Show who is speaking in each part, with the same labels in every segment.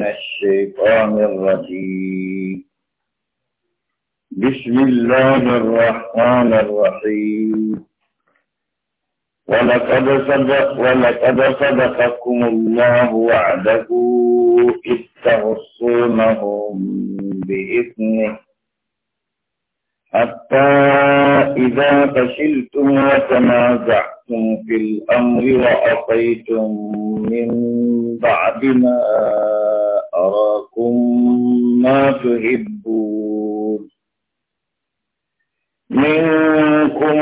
Speaker 1: الشيطان الرجيم بسم الله الرحمن الرحيم ولقد صدق ولقد صدقكم الله وعده إذ تغصونهم بإذنه حتى إذا فشلتم وتنازعتم في الأمر وأطيتم من بعد ما أراكم ما تحبون منكم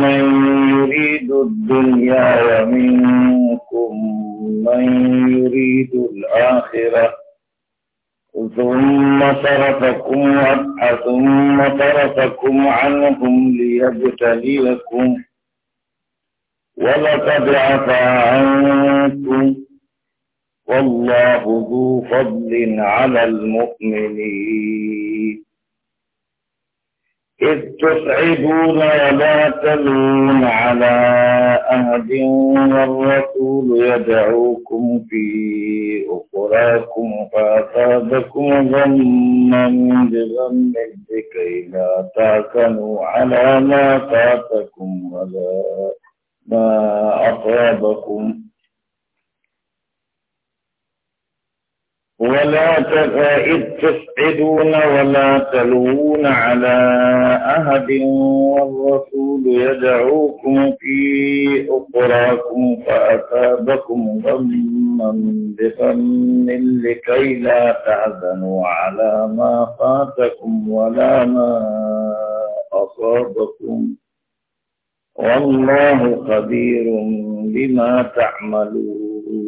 Speaker 1: من يريد الدنيا ومنكم من يريد الآخرة ثم صرفكم ثم صرفكم عنهم ليبتليكم ولقد عفا عنكم والله ذو فضل على المؤمنين إذ تسعدون ولا تلون على أهد والرسول يدعوكم في أخراكم فأصابكم غما بغم لكي لا تعكنوا على ما فاتكم ولا ما أصابكم
Speaker 2: ولا إذ
Speaker 1: تسعدون ولا تلوون على أهد والرسول يدعوكم في أخراكم فأتابكم غما بغم لكي لا تعذنوا على ما فاتكم ولا ما أصابكم
Speaker 2: والله
Speaker 1: خبير بما تعملون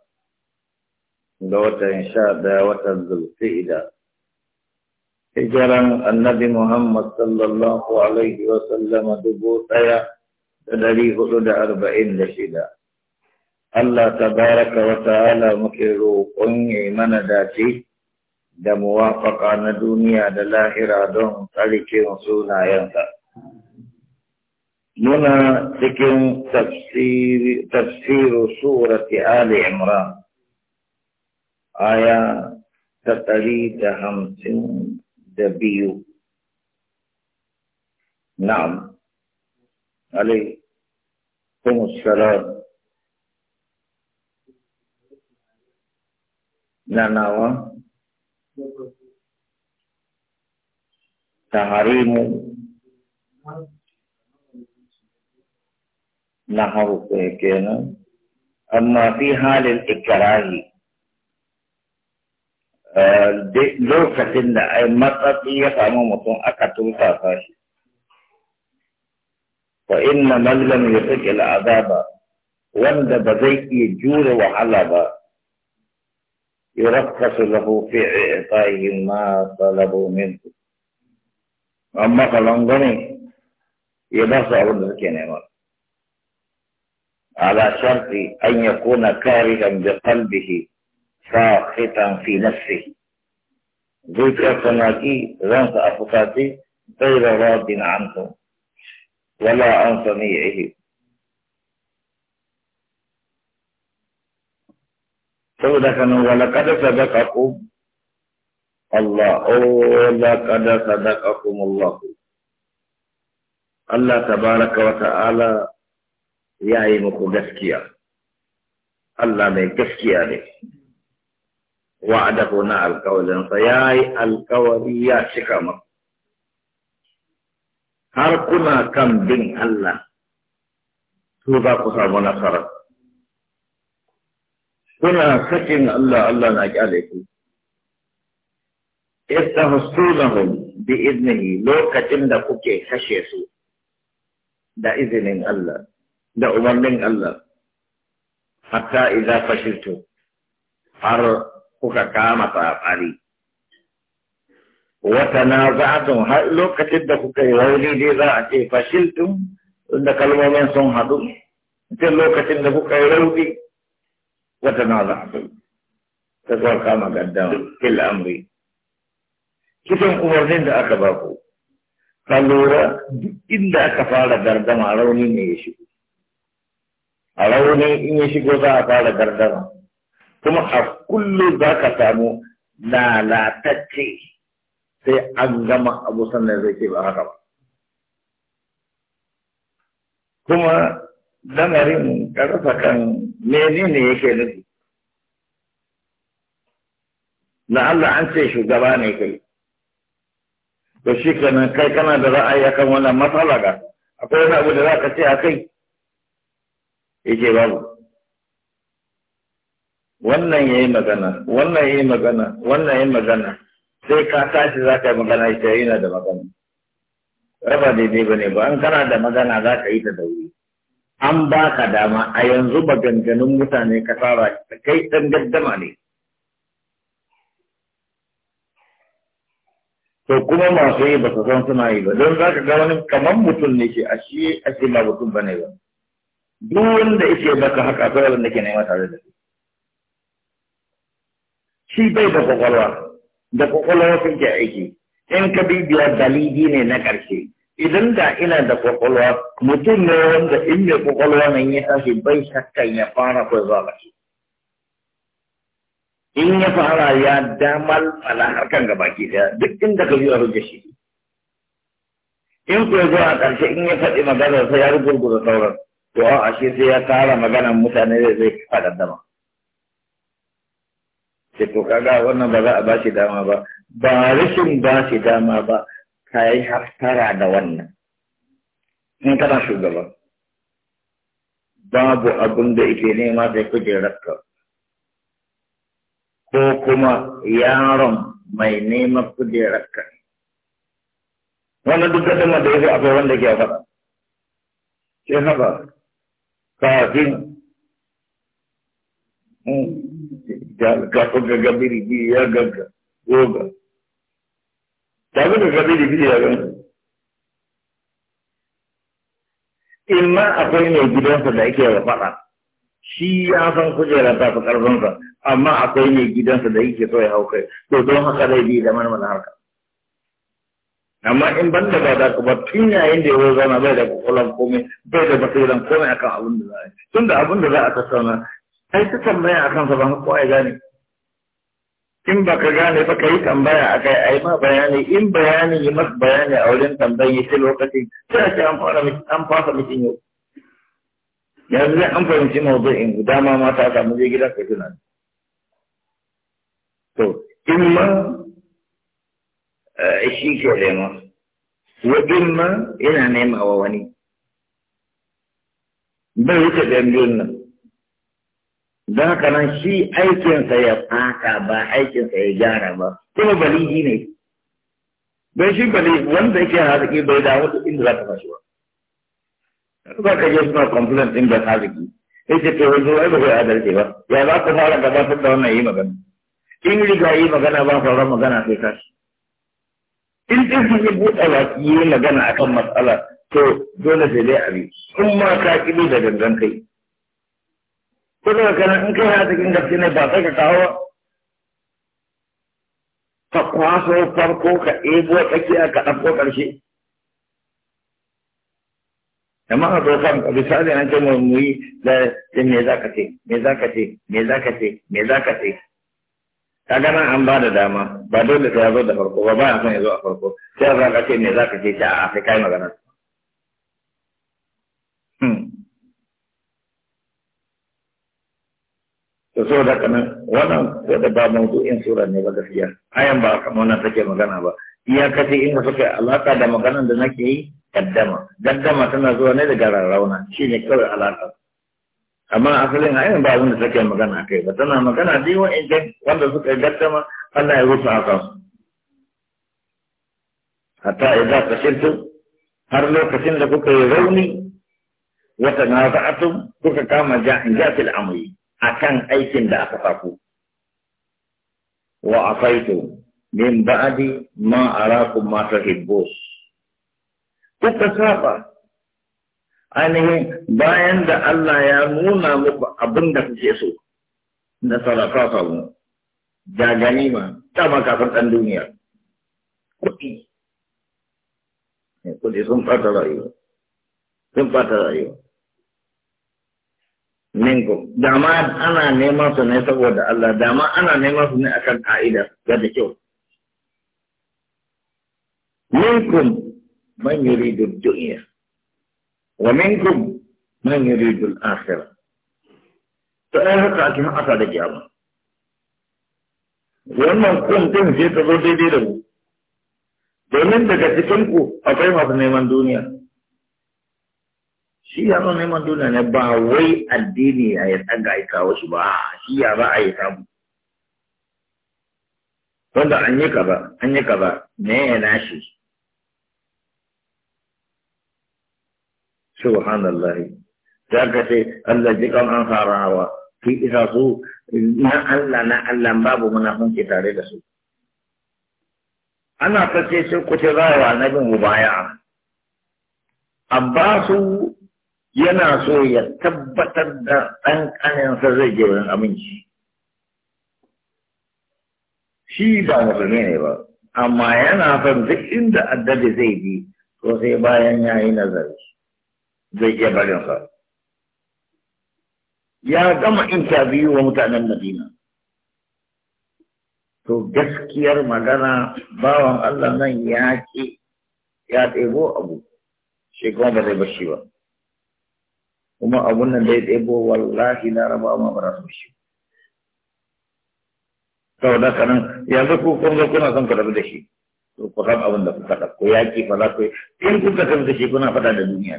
Speaker 1: ga watan sha daya watan zulfi'ida hijiran annabi muhammad sallallahu alaihi wa sallama dubu ɗaya da dari hudu da arba'in da shida Allah tabaraka wa ta'ala muke roƙon ya mana dace da muwafaka na duniya da lahira don tsarkin sunayensa. Muna cikin tafsiru surati Ali Imran. آية تقريد سن دبيو نعم عليكم السلام نعناوة آه. تحریم نحو کہنا أما فی حال الاکراہی Eh, lokacin da ai matsatsi ya samu mutum aka turfafa shi fa inna man lam yutqil azaba wanda ba zai iya jure wahala ba yurakkasu lahu fi i'taihi ma talabu minhu amma kalan gane ya ba su suke nema ala sharti an yakuna ساخطا في نفسه ذكر فناكي رنس أفكاتي غير راض عنه ولا عن صنيعه saboda haka nan wala kada sadaqakum Allah oh la kada sadaqakum Allah Allah tabaraka wa ta'ala ya yi muku gaskiya Allah mai gaskiya ne Wa wa'adahu na sa ya yi alkawari ya cika maku har kuna kan bin Allah su za ku samu nasara kuna sakin Allah Allah na kyale ku istahsunahum bi iznihi lokacin da kuke kashe su da izinin Allah da umarnin Allah hatta idza fashiltu har kuka kama saɓari wata na za'atun har lokacin da kuka yi rauni dai za a ce fashiltun inda kalmomin sun haɗu ce lokacin da kuka yi rauni wata na za'atun ta zuwa kama gaddan fil amri kisan umarnin da aka ba ku ka lura duk inda aka fara gardama rauni ne ya shigo a rauni in ya shigo za a fara gardama kuma a kullum za ka samu lalatacce sai an gama abu sannan zai ke ba haka ba kuma lamarin karfa kan ne yake nufi na Allah an ce shugaba ne kai to shi kenan kai kana da ra'ayi akan wannan matsala ga akwai wani abu da za ka ce a kai yake babu wannan ya yi magana wannan ya yi magana wannan ya yi magana sai ka tashi za ka yi magana ita yana da magana raba daidai ba ne ba an kana da magana za ka yi ta da wuri an baka dama a yanzu maganganun mutane ka fara kai ɗan gaddama ne to kuma masu yi ba su san suna yi ba don za ka ga wani kamar mutum ne shi a shi a shi ba mutum ba ne ba duk wanda yake baka haka akwai wanda ke nema tare da shi shi bai da kwakwalwa da kwakwalwa sun ke aiki in ka bibiya dalili ne na ƙarshe idan da ina da kwakwalwa mutum ne wanda in mai kwakwalwa nan ya tashi bai shakkan ya fara ko zuwa ƙarshe. in ya fara ya damar fala harkan ga baki daya duk inda ka zuwa shi in ku zo a ƙarshe in ya faɗi magana sai ya rubuta sauran to a ashe sai ya tara maganan mutane zai faɗa dama ce to kaga wannan ba za a ba shi dama ba ba rashin ba shi dama ba ka yi haftara da wannan in kana shugaba babu abin da ike nema sai kujerarka ko kuma yaron mai neman kujerarka wannan duk dama da fi akwai wanda ke faɗa sai haka kafin hmm, ga ga gabiri bi ya gagga goga da ga gabiri bi ya
Speaker 2: In imma akwai mai gidansa da yake rafaɗa
Speaker 1: faɗa shi ya san kujera ta fi ƙarfinsa amma akwai mai gidansa da yake so ya hau kai to don haka zai bi da harka amma in ban da ba da ku ba tun yayin da ya zauna bai da kwakwalwar komai bai da basiran komai akan abin da za a yi tun da abin da za a tattauna ai ta tambaya a kansa ba ko ai gane in ba ka gane ba ka yi tambaya a kai ai ma bayani in bayani yi masu bayani a wurin tambayi sai lokacin sai a ce an fara an fasa mutum yau yanzu zai an fahimci mawdu'in guda ma mata samu je gida ka tunani to in ma eh, shi ke lema. Wajen ma yana nema wa wani bai wuce biyan biyun nan don haka nan shi aikinsa ya fata ba aikinsa ya gyara ba kuma baligi ne bai shi bali wanda yake haziki bai da wata inda za ta fashi ba ba ka je suna complain din da haziki ce ke wanzu ai ba zai adalci ba ya za ka fara gabatar da wannan yi magana in riga yi magana ba sauran magana sai ka in ɗin sun yi buɗe ba yi magana akan matsala to dole sai dai abi in ma ka kiɗi da gangan kai ko daga kana in kai ya cikin gaske ne ba sai ka kawo ba? ka kwaso farko ka ebo tsakiya ka ɗauko ƙarshe amma a zo kan misali an ce mu yi da me za ka ce me za ka ce me za ka ce me za ka ce ka gana an ba da dama ba dole sai ya zo da farko ba ba a son ya zo a farko sai a za ka ce me za ka ce ta a sai kai magana to so da kana wannan ko da ba mawdu'in sura ne ba gaskiya ayan ba kamar wannan take magana ba in ina suka alaka da maganan da nake yi kaddama kaddama tana zuwa ne daga rarrauna ne kawai alaka amma asalin ayan ba wanda take magana kai ba tana magana dai wa'in wanda suka kaddama Allah ya rufe a hatta idan ka shirtu har lokacin da kuka yi rauni wata naza'atum kuka kama ja'in jafil amri akan aikin da aka faku wa afaitu min ba'di ma arakum ma tuhibbus
Speaker 2: kuka saba
Speaker 1: ainihin bayan da Allah ya nuna muku abin da kuke so na sarrafa samu da ganima ta makafin ɗan duniya kuɗi kuɗi sun fata rayuwa sun fata rayuwa Da dama ana neman su ne saboda Allah dama ana neman su ne akan ka'ida ga da kyau minkum man yuridu dunya wa minkum man yuridu al-akhirah to ai haka ake haka da kiyama wannan kun din sai ta zo daidai da mu domin daga cikin ku akwai masu neman duniya shi ya zo neman duniya ne ba wai addini a ya tsaga aika wasu ba shi ya ba a yi samu wanda an yi ba an yi ba me ya nashi subhanallah za ka ce Allah ji kan an harawa fi isa su na Allah na Allah babu munafunci tare da su ana ta ce sai ku ce za a yi wa annabin mubaya'a yana so ya tabbatar da ɗan ƙaninsa zai je wurin aminci shi ba musulmi ne ba amma yana son duk inda addade zai bi to sai bayan ya yi nazari zai iya barinsa ya gama biyu wa mutanen madina to gaskiyar magana bawan Allah nan ya ce ya ɗebo abu shi kuma ba zai bashi ba kuma abun nan da ya ɗebo wallahi laraba ma ba su shi sau da kanan yanzu ku kun zo kuna son ku rabu da shi to ku san abin da kuka ɗauko yaƙi fa za ku yi in kuka rabu da shi kuna faɗa da duniya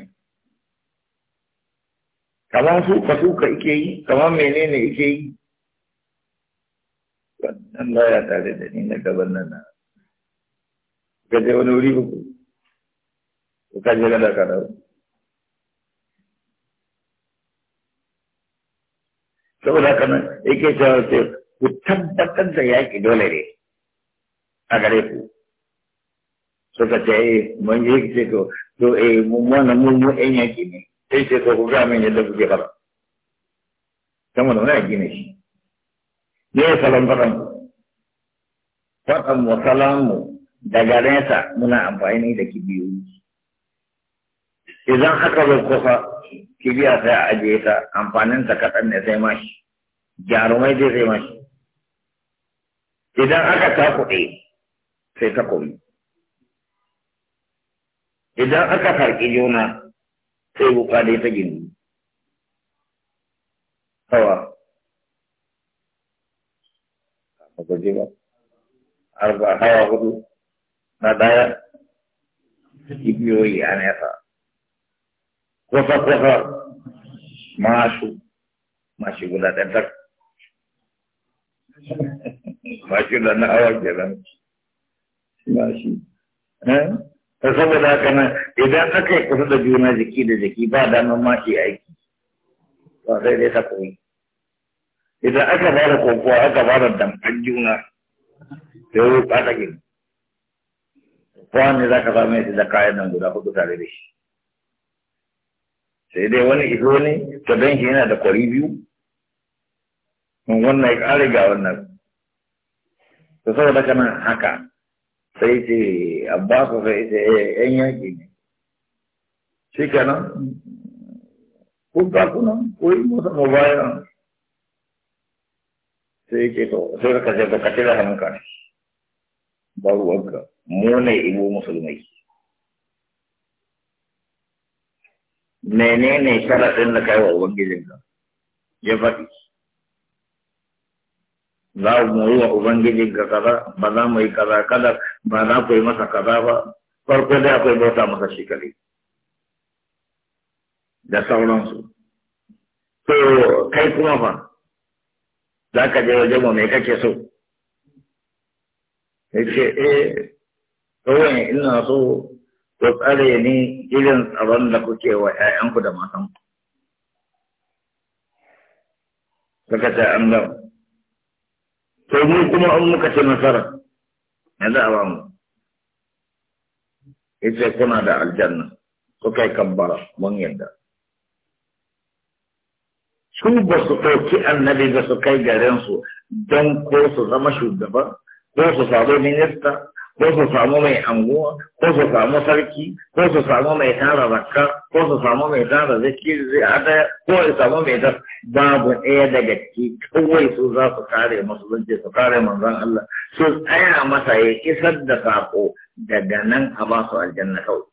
Speaker 1: kamar su ka su ka ike yi kamar menene ike yi wannan ba ya tare da ni na gaban nan na gaje wani wuri ba ku ka je ga da ka saboda haka nan yake cewa ce ku tabbatar da yaƙi dole ne a gare ku suka ce eh mun yi ce to to eh mun wannan mun mu ɗan yaƙi ne sai ce ko ku ga min yadda kuke fara kama da wani yaƙi ne shi ne ya salon faɗan ku faɗan mu salamu daga nesa muna amfani da kibiyoyi idan aka zo kusa kibiya sai a ajiye ta amfanin ta kaɗan ne sai mashi jarumai zai sai mashi idan aka kuɗi sai ta takobi idan aka farki juna sai buka dai ta gini hawa arba hawa hudu na ɗaya ibiyoyi a nesa kwasa-kwasa masu mashi guda ɗan mashi da na awa kenan mashi ta saboda haka nan idan aka yi kusa da juna jiki da jiki ba damar mashi aiki ba sai dai ta koyi idan aka ba da kokowa aka ba da damfan juna sai ruka ta gini kwanan ne za ka same shi da kayan nan guda hudu tare da shi sai dai wani iso ne ta danki yana da kwari biyu wannan ya ƙare ga wannan ta saboda kana haka sai ce abbasu sai ce yan eh, yaƙi ne shi kenan kun ka nan ko yi masa mubaya sai ce to sai ka ce ka ce da hannunka ba ruwanka mu ne ibo musulmai menene sharaɗin da kai wa ubangijinka ya faɗi za mu yi wa ubangijinka kaza ba za mu yi kaza kada ba za ku yi masa kaza ba farko dai akwai bauta masa shi da sauransu to kai kuma fa za ka je wajen mu me kake so ya ce eh kawai ina so ku tsare ni irin tsaron da kuke wa ‘ya'yanku da matanku. Suka ce an gama. To mu kuma an muka ce nasara, yanzu a bamu. Ita kuna da aljanna, kuka yi bara, mun yadda. Su ba su ɗauki annabi ba su kai garinsu don ko su zama shugaba, ko su samu minista, ko su samu mai anguwa ko su samu sarki ko su samu mai tara zakka ko su samu mai tara zai ada ko su samu mai da babu ɗaya daga ciki kawai su za su kare masu zance su kare manzon Allah su tsaya masa ya kisar da sako daga nan a ba su aljanna kawai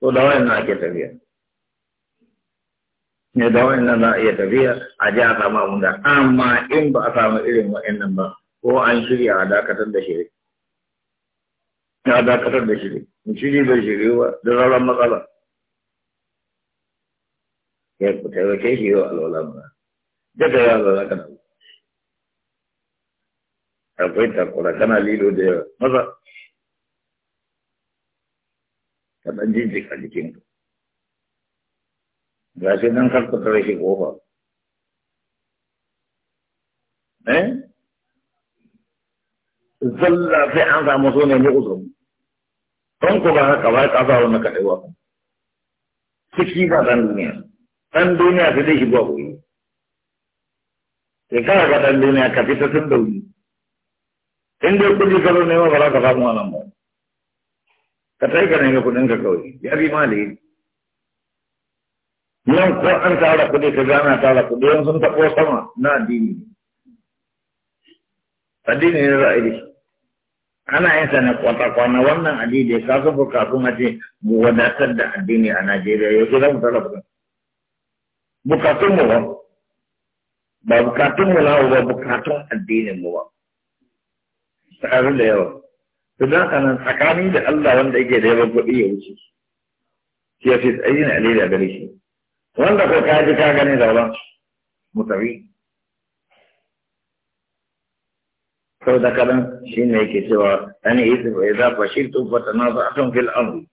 Speaker 1: to da na ake tafiya ne da wayan na iya tafiya a ji a samu amma in ba a samu irin wa'annan ba ko an shirya a dakatar da shirki ya dakatar da shi ne shi bai shiryu ba da rauran matsala ya ku taimake shi yau alwala ba daga yawa za ka nan akwai takura kana lilo da yawa maza ka ɗan jinjika jikinka ga shi nan karkata rashin kofa eh? zalla sai an samu so ne mu uzuri don ku ba haka ba ka fara wannan kaɗai ba ciki ba ɗan duniya ɗan duniya ta zai ba wuri sai kana ga ɗan duniya ka fita tun da wuri in dai kuɗi ka zo nema ba za ka samu wannan ba ka tai ka nemi kuɗin ka kawai ya bi ma da yi nan ko an tara kuɗi ka gana tara kuɗi yan sun taɓo sama na addini addini ne ra'ayi ana yin sa na kwata-kwana wannan addini ya kasu ko kafin a ce mu wadatar da addini a Najeriya yau sai za mu talabta. Bukatun mu ba, ba bukatun mu na ba bukatun addinin mu ba. Tsarin da yawa. to dan kana nan tsakani da Allah wanda yake da yawan kuɗi ya wuce. Shi ya fi tsayin alili a gare shi. Wanda ko ka ji ka gane da wurin mutawi. sau da kanan shi ne yake cewa an yi ya shi tufa ta na za a tun fil amru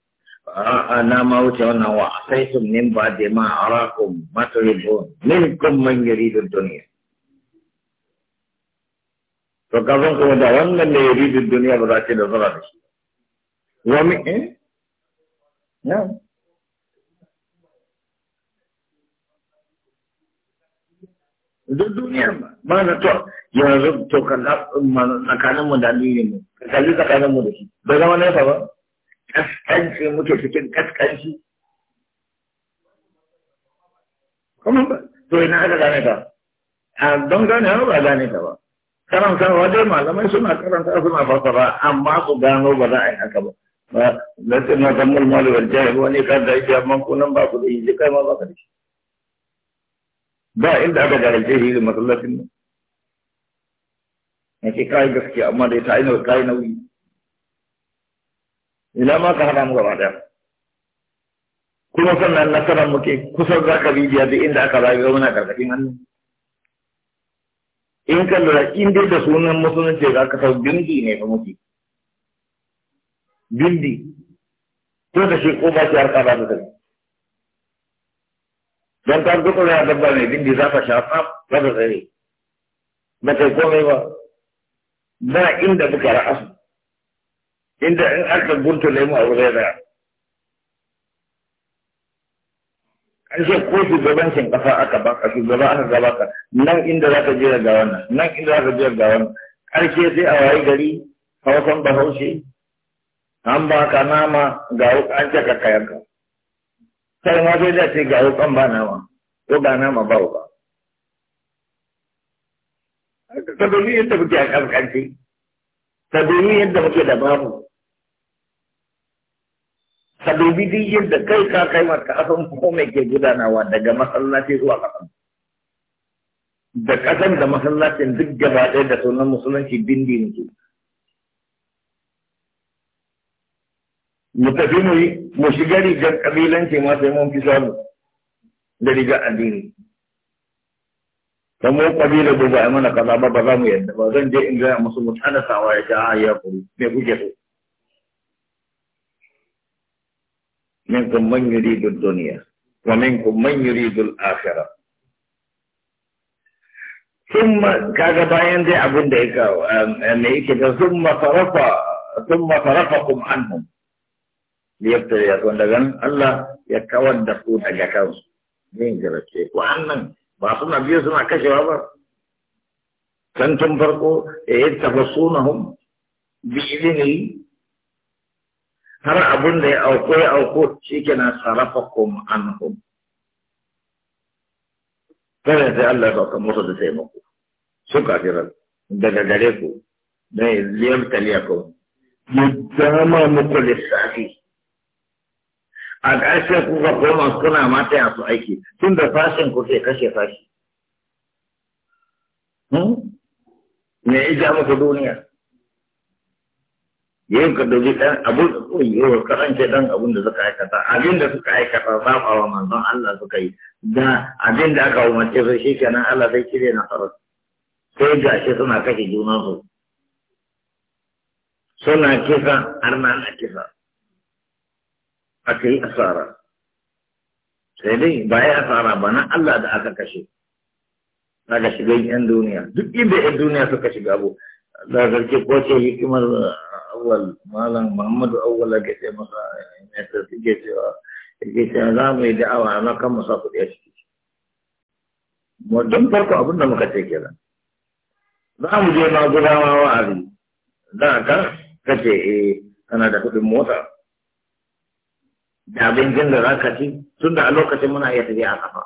Speaker 1: na ma wuce wannan wa a sai sun min ba da ma a rakun mataribon min kun man yari da duniya to kafin kuma da wannan da yari da duniya ba za ce da zara da shi wa min eh na duk duniya ma na to yanzu to tsakanin mu da addinin mu ka kalli tsakanin mu da shi bai zama nesa ba kaskanci muke cikin kaskanci kuma ba to ina aka gane ta a don gane ba gane ta ba karanta wajen malamai suna karanta suna fasara amma su gano ba za a yi haka ba na ce na san mulmali wal jahil wani ka da yake amma kunan ba ku da yi kai ma ba ka da shi
Speaker 2: ba inda aka garaje
Speaker 1: shi da masallacin nan nake ce kayi gaskiya amma da ta ainihin kayi nauyi ina ma ka hada mu gaba da kuma sannan na nasarar muke kusan za ka bibiya da inda aka zaɓi muna karkashin hannu in ka lura in dai da sunan musulunci za ka sau bindi ne fa muke bindi ko da shi ko ba shi harka ba da tafi don ta duk ya dabba ne bindi za ka shafa ba ta tsare ba ta komai ba ba inda muka ra'asu inda in aka gunta lemu a zai zaya an ce ko shi kasa aka baka shugaba aka gaba ka, nan inda za ka je ga wannan nan inda za ka je ga wannan karshe sai a waye gari hausan bahaushe an ba ka nama ga an ce ka kayanka sai ma sai da ce ga wukan ba nama ko ga nama ba ba ka domin yadda muke a ƙasƙanci ka domin yadda muke da babu ka dubi duk da kai ka kai maka asan ko ke gudanawa daga masallaci zuwa kasan. da ƙasan da masallacin duk gaba ɗaya da sunan musulunci bindi ne mu tafi mu yi mu shiga rigar ƙabilanci ma sai mun fi samu da rigar addini ba mu kabila da ba mana kaza ba ba za mu yadda ba zan je in gaya musu mutane sawa ya ce a ya kuru me kuke so minkum man yuridu ad-dunya wa minkum man yuridu al-akhirah thumma kaga bayan dai abin da yake um, me yake da thumma tarafa thumma tarafakum anhum liyabtaliyakum daga Allah ya kawar da ku daga kansu zai jirace ku annan ba na biyu eh, suna kashewa ba can tun farko ya yi biyu ne yi har abin da ya auko ya auko shi na sarrafa an hun kada da Allah ya sauka musu da taimako su kafiran daga gare ku don ya ziyarta liya kawai ya dama muku lissafi a ƙarshe ku ga goma suna mata yasu aiki tun da fashin ku ke kashe fashi hmm? me ya ja muku duniya yin ka dogi ɗan abin da suka yi wa karance ɗan abin da suka aikata abin da suka aikata zaɓa wa manzon Allah suka yi da abin da aka umarce su shi kenan Allah sai kire na faru. sai shi suna kashe junansu suna kisa har na kisa aka yi asara sai dai baya asara ba na Allah da aka kashe aka shiga yan duniya duk inda yan duniya suka shiga abu da zarce ko ce hikimar uh, awwal malam Muhammadu awwal ga ce masa ne eh, ta eh, suke cewa yake cewa za mu yi da'awa amma kan mu sa kuɗi a ciki don farko abin da muka ce kenan za mu je ma gudawa wa'azi da ka kace eh kana da kuɗin mota da jin da za ka ci tun da a lokacin muna iya tafiya a kafa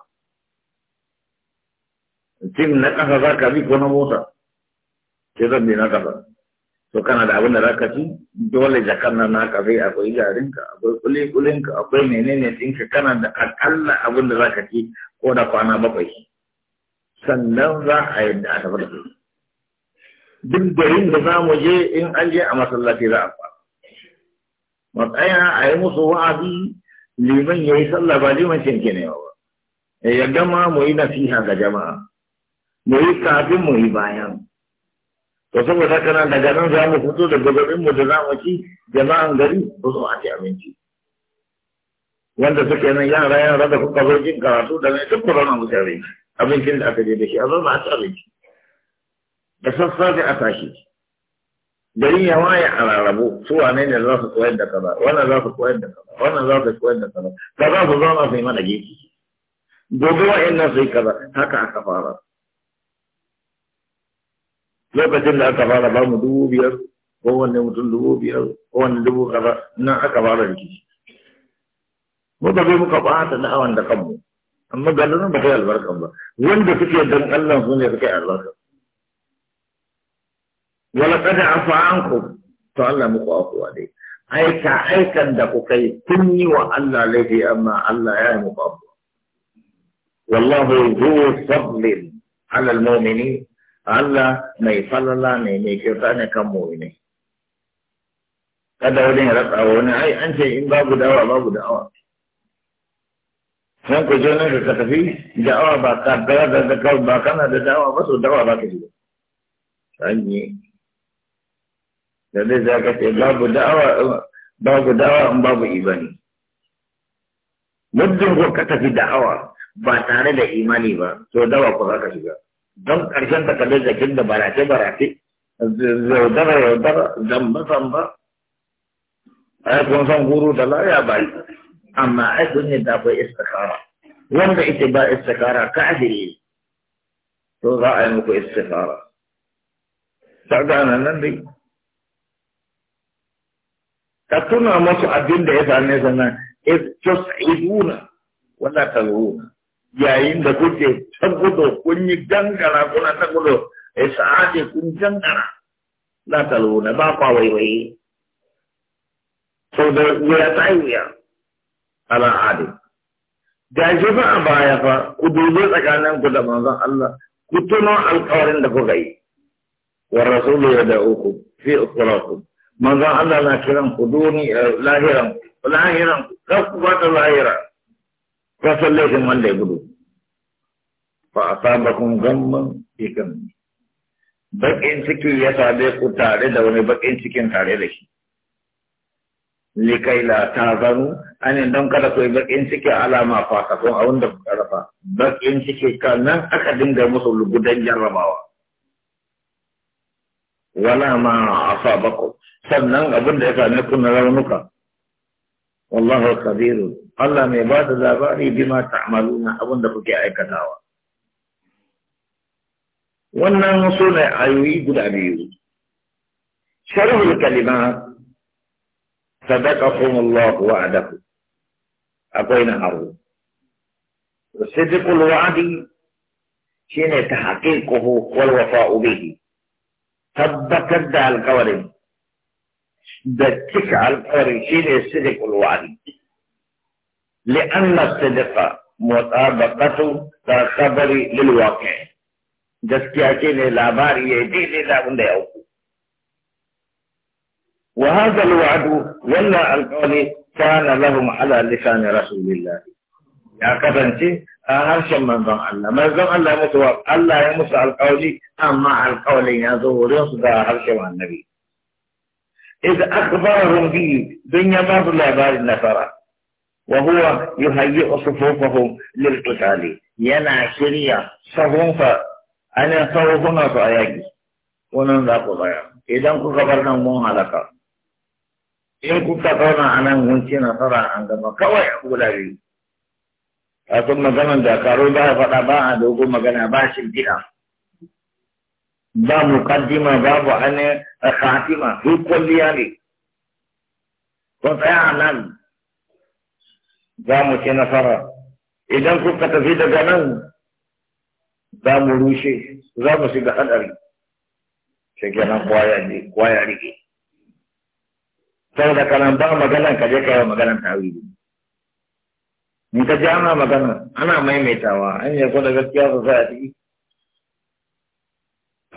Speaker 1: cin na kafa za ka bi ko na mota ke zan bi na kafa. to kana da abin da za ka ci dole jakar nan na kafe akwai garinka akwai kule kulinka akwai menene ɗinka kana da akalla abin da za ka ci ko da kwana bakwai sannan za a yi da a tafi da
Speaker 2: duk yin
Speaker 1: da za mu je in an je a masallaci za a fara matsaya a yi musu wa'azi liman ya yi sallah ba liman shanke ne eh, ba ya gama mu yi nasiha ga jama'a mu yi kafin mu yi bayan to saboda haka nan daga nan za mu fito da gabarin mu da za mu ci jama'an gari ko su a ci abinci wanda suke nan yara yara da kuka zo jin karatu da ne duk corona mu tare abincin da aka je da shi a zo ba a ci abinci da sassafe a tashi gari ya waye a rarrabu su wane ne za su koyar da kaza wannan za su koyar da kaza wannan za su koyar da kaza ba za su zama su yi mana gefe gobe wa'annan su yi kaza haka aka fara lokacin da aka fara ba mu dubu biyar ko wanne mutum dubu biyar ko wanne dubu kaza nan aka fara rikici ba bi muka ɓata awan da kanmu amma galibin nan ba kai albarkan ba wanda suke dan Allah su ne suke albarkan wala kada afa anku to Allah muku afuwa dai aika aikan da kuka yi kun yi wa Allah laifi amma Allah ya yi muku afuwa
Speaker 2: wallahu zuwa
Speaker 1: fadlin ala almu'mini Allah mai falala ne mai kyauta ne kan mu'mini
Speaker 2: kada wani ya ratsa wani ai
Speaker 1: an ce in babu dawa babu da'awa nan ku je nan ka tafi da'awa ba ka da ba kana da da'awa ba so da'awa ba ka shiga sanyi da zai za ka ce babu da'awa babu da'awa in babu imani muddin ko ka tafi da'awa ba tare da imani ba to dawa ko za ka shiga don ƙarshen ta kalli zakin da barace barace zaudara yaudara zamba zamba ai kun san guru da laya bai amma ai kun duniya da bai istikara wanda ita ba istikara kafiri to za a yi muku istikara ta gana nan dai ka tuna masu abin da ya same su nan is eh, tus'iduna eh, wala tazuna yayin da kuke ta gudu kun yi gangara kuna ta gudu isa'ati eh, kun gangara la tazuna ba kwa waiwaye sau da wuya ta yi wuya ala adi da shi ba a baya fa ku dubi tsakanin ku da manzon Allah ku tuno alƙawarin da kuka yi wa rasulu ya uku fi ukhrakum Manzan Allah na kiran ku duni eh, lahiran lahiran kar ku ba ta lahira ka san laifin wanda ya gudu fa asabakum gamman ikan bakin ciki ya same ku tare da wani bakin cikin tare da shi Likaila, la ta zanu anin don kada ku yi bakin ciki alama fa kafin a wanda ku karfa bakin ciki kan nan aka dinga musu lugudan jarrabawa wala ma asabakum sannan abin da ya same ku na raunuka wallahu kabiru Allah mai ba da labari bima ta'maluna abin da kuke aikatawa wannan su ayoyi guda biyu sharhul kalima sadaqakum Allah wa'adahu akwai na haru sidqul wa'di shine tahqiquhu wal wafa'u bihi tabbatar da alkawarin da cika alkawarin shi ne sidikul wa'adi li'anna sidika mutabaqatu ta sabari lil waqi gaskiya ce ne labari ya daidai da abin da ya auku wa hadha al wannan alkawari kana lahum ala lisan rasulillahi ya kasance a harshen manzon Allah manzon Allah ya mutu Allah ya musu alƙawli amma alƙawlin ya zo wurin su da harshen annabi إذ أخبرهم به دنيا ما بالعبار النفرة وهو يهيئ صفوفهم للقتال ينا شريع صفوف أنا صفوفنا فأياجي وننذاق ضيع إذا كنت خبرنا موها لك إن كنت قرنا أنا منشي نصرا عندما كوي أولا لي a sun maganan dakaru ba a faɗa ba a dogon magana ba shi gida
Speaker 2: ba mukaddima
Speaker 1: babu hannun eh, khatima duk kwalliya ne kun tsaya a nan za mu ci nasara idan kuka tafi daga nan za mu rushe za mu shiga hadari shi kenan kwaya rike saboda kanan ba maganan kaje ka yi maganan tawili in ka ji ana magana ana maimaitawa an yi da gaskiya su sa a ciki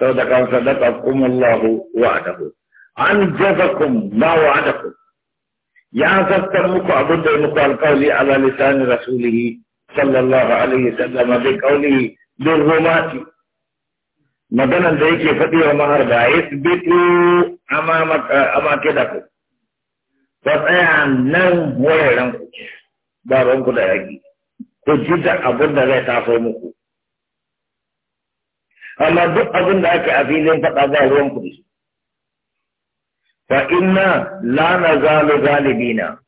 Speaker 1: sau da kan sadaka kuma Allahu wa'adahu an jazakum ma wa'adakum ya zartar muku abin da ya muku alkawali ala lisanin rasulihi sallallahu alaihi sallam bi qawlihi lil rumati maganan da yake faɗi wa maharba a ma ke da ku Ba tsaya nan wuraren ku ba ruwanku da yaƙi ku ji abin da zai taso muku amma duk abin da ake a filin faɗa ba ruwanku da shi fa inna la nazalu zalibina,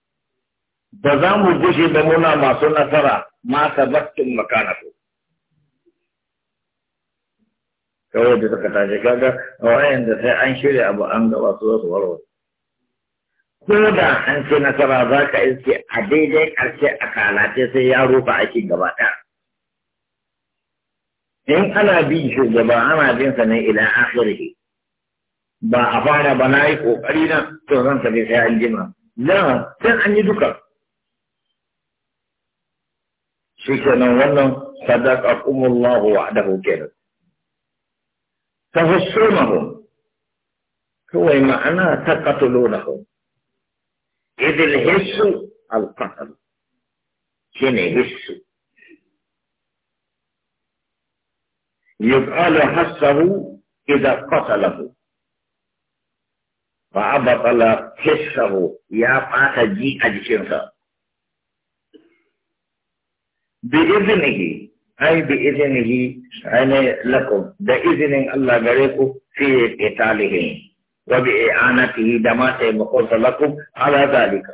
Speaker 1: ba za mu gushe da muna masu nasara ma sabattun makanatu kawai da suka tashi kaga a wayan da sai an shirya abu an gaba su zo su warware ko da an ce nasara za ka iske a daidai ƙarshe a kanace sai ya rufa ake gaba ɗaya in ana bin shugaba ana bin sa ne a akhirih ba a fara ba na yi ƙoƙari na to zan sa sai an jima na sai an yi duka shi kenan wannan sadaqakumullahu wa'dahu kenan tafassumuhum kawai ma'ana ta taqatulunahu Idan hesho alfasa, kene hesho. Ya tsala ha shahu idan fasalaku. Ba a batala ya tsata ji a jikinka. izinihi, ai be izinihi, sa'inu lakob, ba izini Allah gare ku fiyade وبإعانته دما تيمقون لكم على ذلك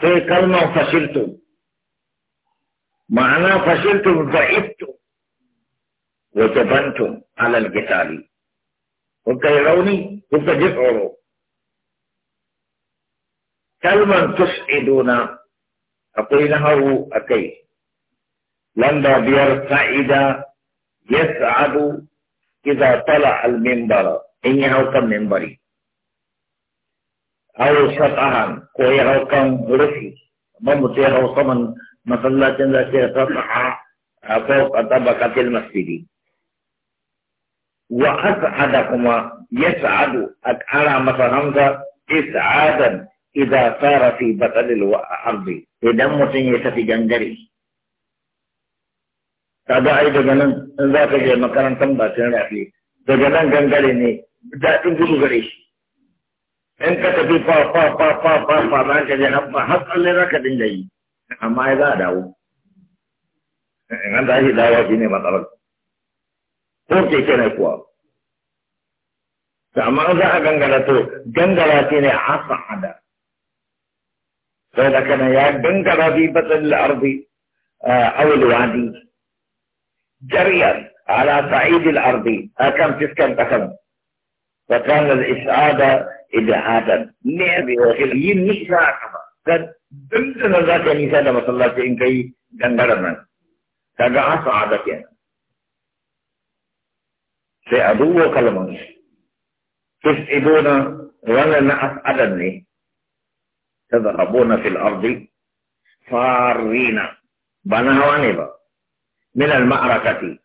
Speaker 1: في كلمة فشلتم معنى فشلتم ضعفتم وجبنتم على القتال وكي روني وكجفعروا كلمة تسعدون أقيلها أكي لن بير سعيدا يسعد إذا طلع المنبر إن يهو منبري أو شطعان كوي هو كم رفي ممتي هو كمن مثلا تنزل تطلع فوق طبقة المسجد وأسعدكما يسعد أكعلى مثلا إسعادا إذا صار في بطل الأرض إذا متن يتفي جنجري kaga ai daga nan in za ka je makarantar bakin rafi daga nan gangare ne daɗin gudu gare shi in ka tafi fa fa fa fa fa fa za ka je har har tsalle za ka dinga yi amma ai za a dawo
Speaker 2: in an tashi dawo shi ne
Speaker 1: matsalar ko keke ne kuwa amma za a gangara to gangara shi ne a sa'ada sai da kana ya gangara fi batsalin arzi eh, a wani wadi جريا على صعيد الأرض أكم تسكن تخم فكان الإسعاد إبعادا نعم وخير نئسا أكما كان دمتنا ذاك نساء لما صلى الله عليه كي جنبرنا تدعى سعادتنا يعني. سيعدو كلمة تسعدون ولن أسعدني تذهبون في الأرض فارين بنا هواني من المعركة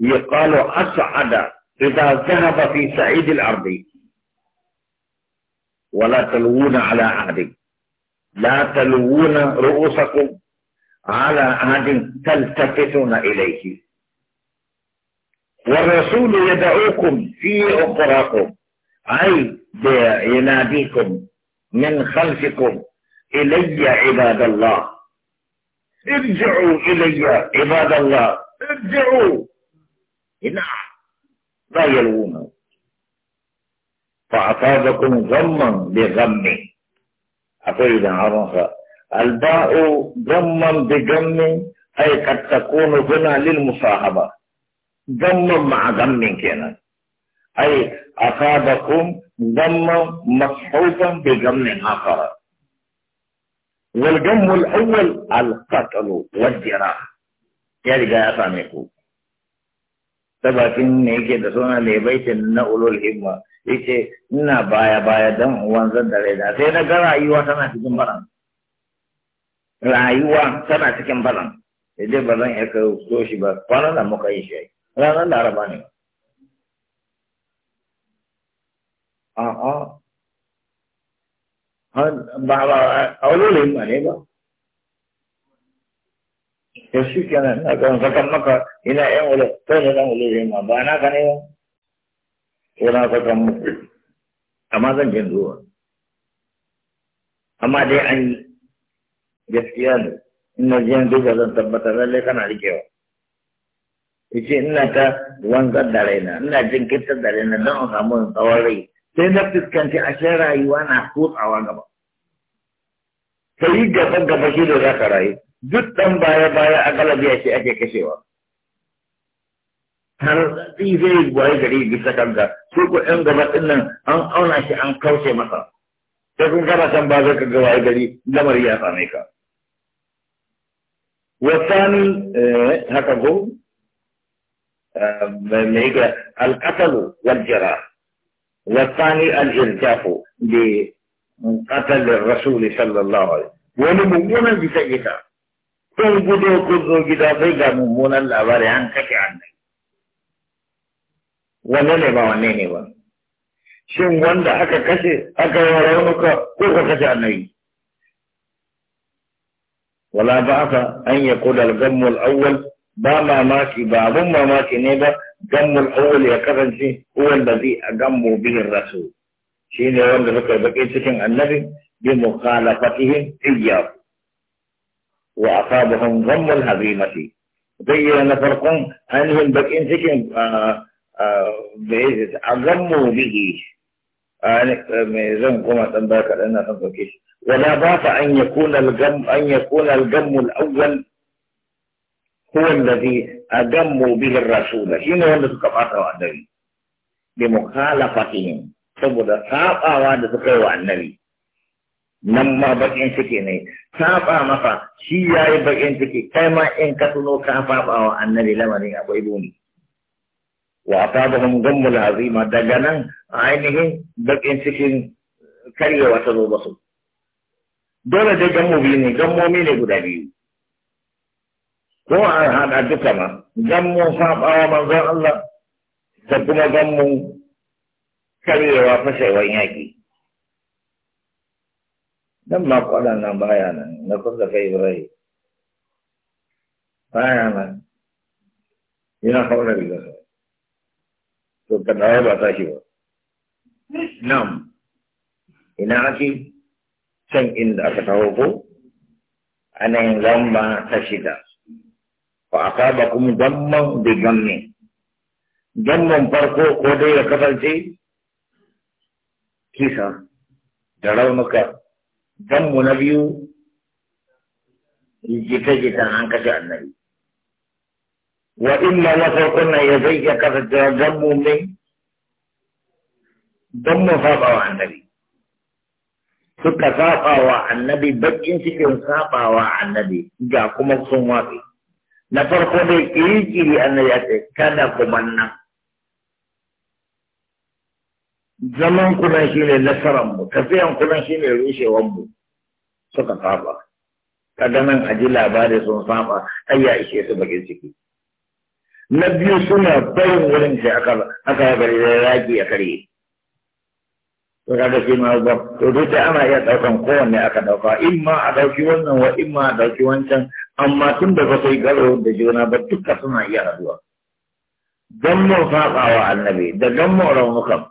Speaker 1: يقال أسعد إذا ذهب في سعيد الأرض ولا تلوون على عهد لا تلوون رؤوسكم على عهد تلتفتون إليه والرسول يدعوكم في أخراكم أي يناديكم من خلفكم إلي عباد الله ارجعوا إلي عباد الله ارجعوا نعم لا يلومه فأصابكم غما بغم أقول إذا عرفها الباء غما بغم أي قد تكون هنا للمصاحبة غما مع غم كان أي أصابكم غما مصحوبا بغم آخر والجم الأول القتل والجراح يا رجاء سامعكم tabakin ne yake da suna lebaitin na ulul himma yace ina baya baya dan uwan zan da raina sai na ga rayuwa tana cikin baran rayuwa tana cikin baran idan ba zan iya so shi ba kwanan da muka yi shi ranar laraba ne a'a ba aulolin ba ne ba ya shi kenan na kan sakan maka ina yan wale kai na dan wale ma ba na ka ne ba ko na sakan muku amma zan jin zuwa amma an yi gaskiya ne ina jin duka zan tabbatar lalle kana rikewa yace ina ta wanzar dare na, ina jin kitar da raina don in samu tsawon rai sai na fuskanci shan rayuwa na kutsawa gaba
Speaker 2: ka yi gaba gaba shi da
Speaker 1: za ka rayu duk ɗan baya baya a galabiya shi ake kashewa har zai zai gwaye gari bisa kanka su ko ɗan gaba ɗin nan an auna shi an kauce masa sai kun kana san ba zai ka ga gari lamar ya same ka wasani eh, haka ko eh, mai ga alƙasalu wal والثاني الإرجاف لقتل الرسول صلى الله عليه وسلم ولمؤمنا بسيئة كن قدو كذو كذا بيغا مؤمنا الأبار عن كك عنك ونني ما ونني ون شن وندا أكا كسي أكا ورونك كوكا كسي عني ولا بعث أن يقول الغم الأول ba mamaki ba abun mamaki ne ba جنب الأول يا كرنسي هو الذي جنبه به الرسول شين يا رب فكر بكي النبي بمخالفتهم إياه وأصابهم ضم الهزيمة بي أن فرقهم أنهم بكي تشن أجنبوا به ميزان قمة باكر أنها تنفكيش ولا باس أن يكون الجم أن يكون الجم الأول هو الذي shi ne wanda suka هو الذي كفاته النبي بمخالفتهم saboda saɓawa da suka yi wa annabi nan ma bakin ciki ne saɓa masa shi ya yi baƙin ciki kai ma in ka tuno ka faɓa wa annabi lamarin akwai boni wa asabahum gammul azima daga nan ainihin bakin cikin karyewa ta zo su. dole dai gammobi ne gammomi ne guda biyu ko an haɗa duka ma dan mun saɓawa manzon Allah da kuma dan mun karyewa fashewan yaƙi dan ma kwanan nan baya nan na kusa kai Ibrahim baya nan yana riga rigarsa to ka dawo ba tashi ba nam ina ake can inda aka kawo ko a nan lamba ta shiga. wa asabakum damman bi dhanni damman farko ko dai ya kasance kisa da raunuka dammu na biyu jita-jita an kashe annabi wa inna na farkon nan ya zai ya kasance dammu mai dammu saɓawa annabi suka saɓawa annabi Bakin cikin saɓawa annabi ga kuma sun waɗe na farko dai kiri Allah ya ce kada ku manna zaman kunan shi ne nasararmu, mu tafiyan kunan shi ne rushewan mu suka saba kada nan a ji labari sun saba ai ishe su bakin ciki na biyu suna barin wurin shi aka yi gari da yaki ya karye to kaga shi ma ba to duk ana iya daukan kowanne aka dauka in ma a dauki wannan wa in ma a dauki wancan amma tun da ba sai garo da juna ba dukkan suna iya haduwa gammon fafawa annabi da gammon raunukan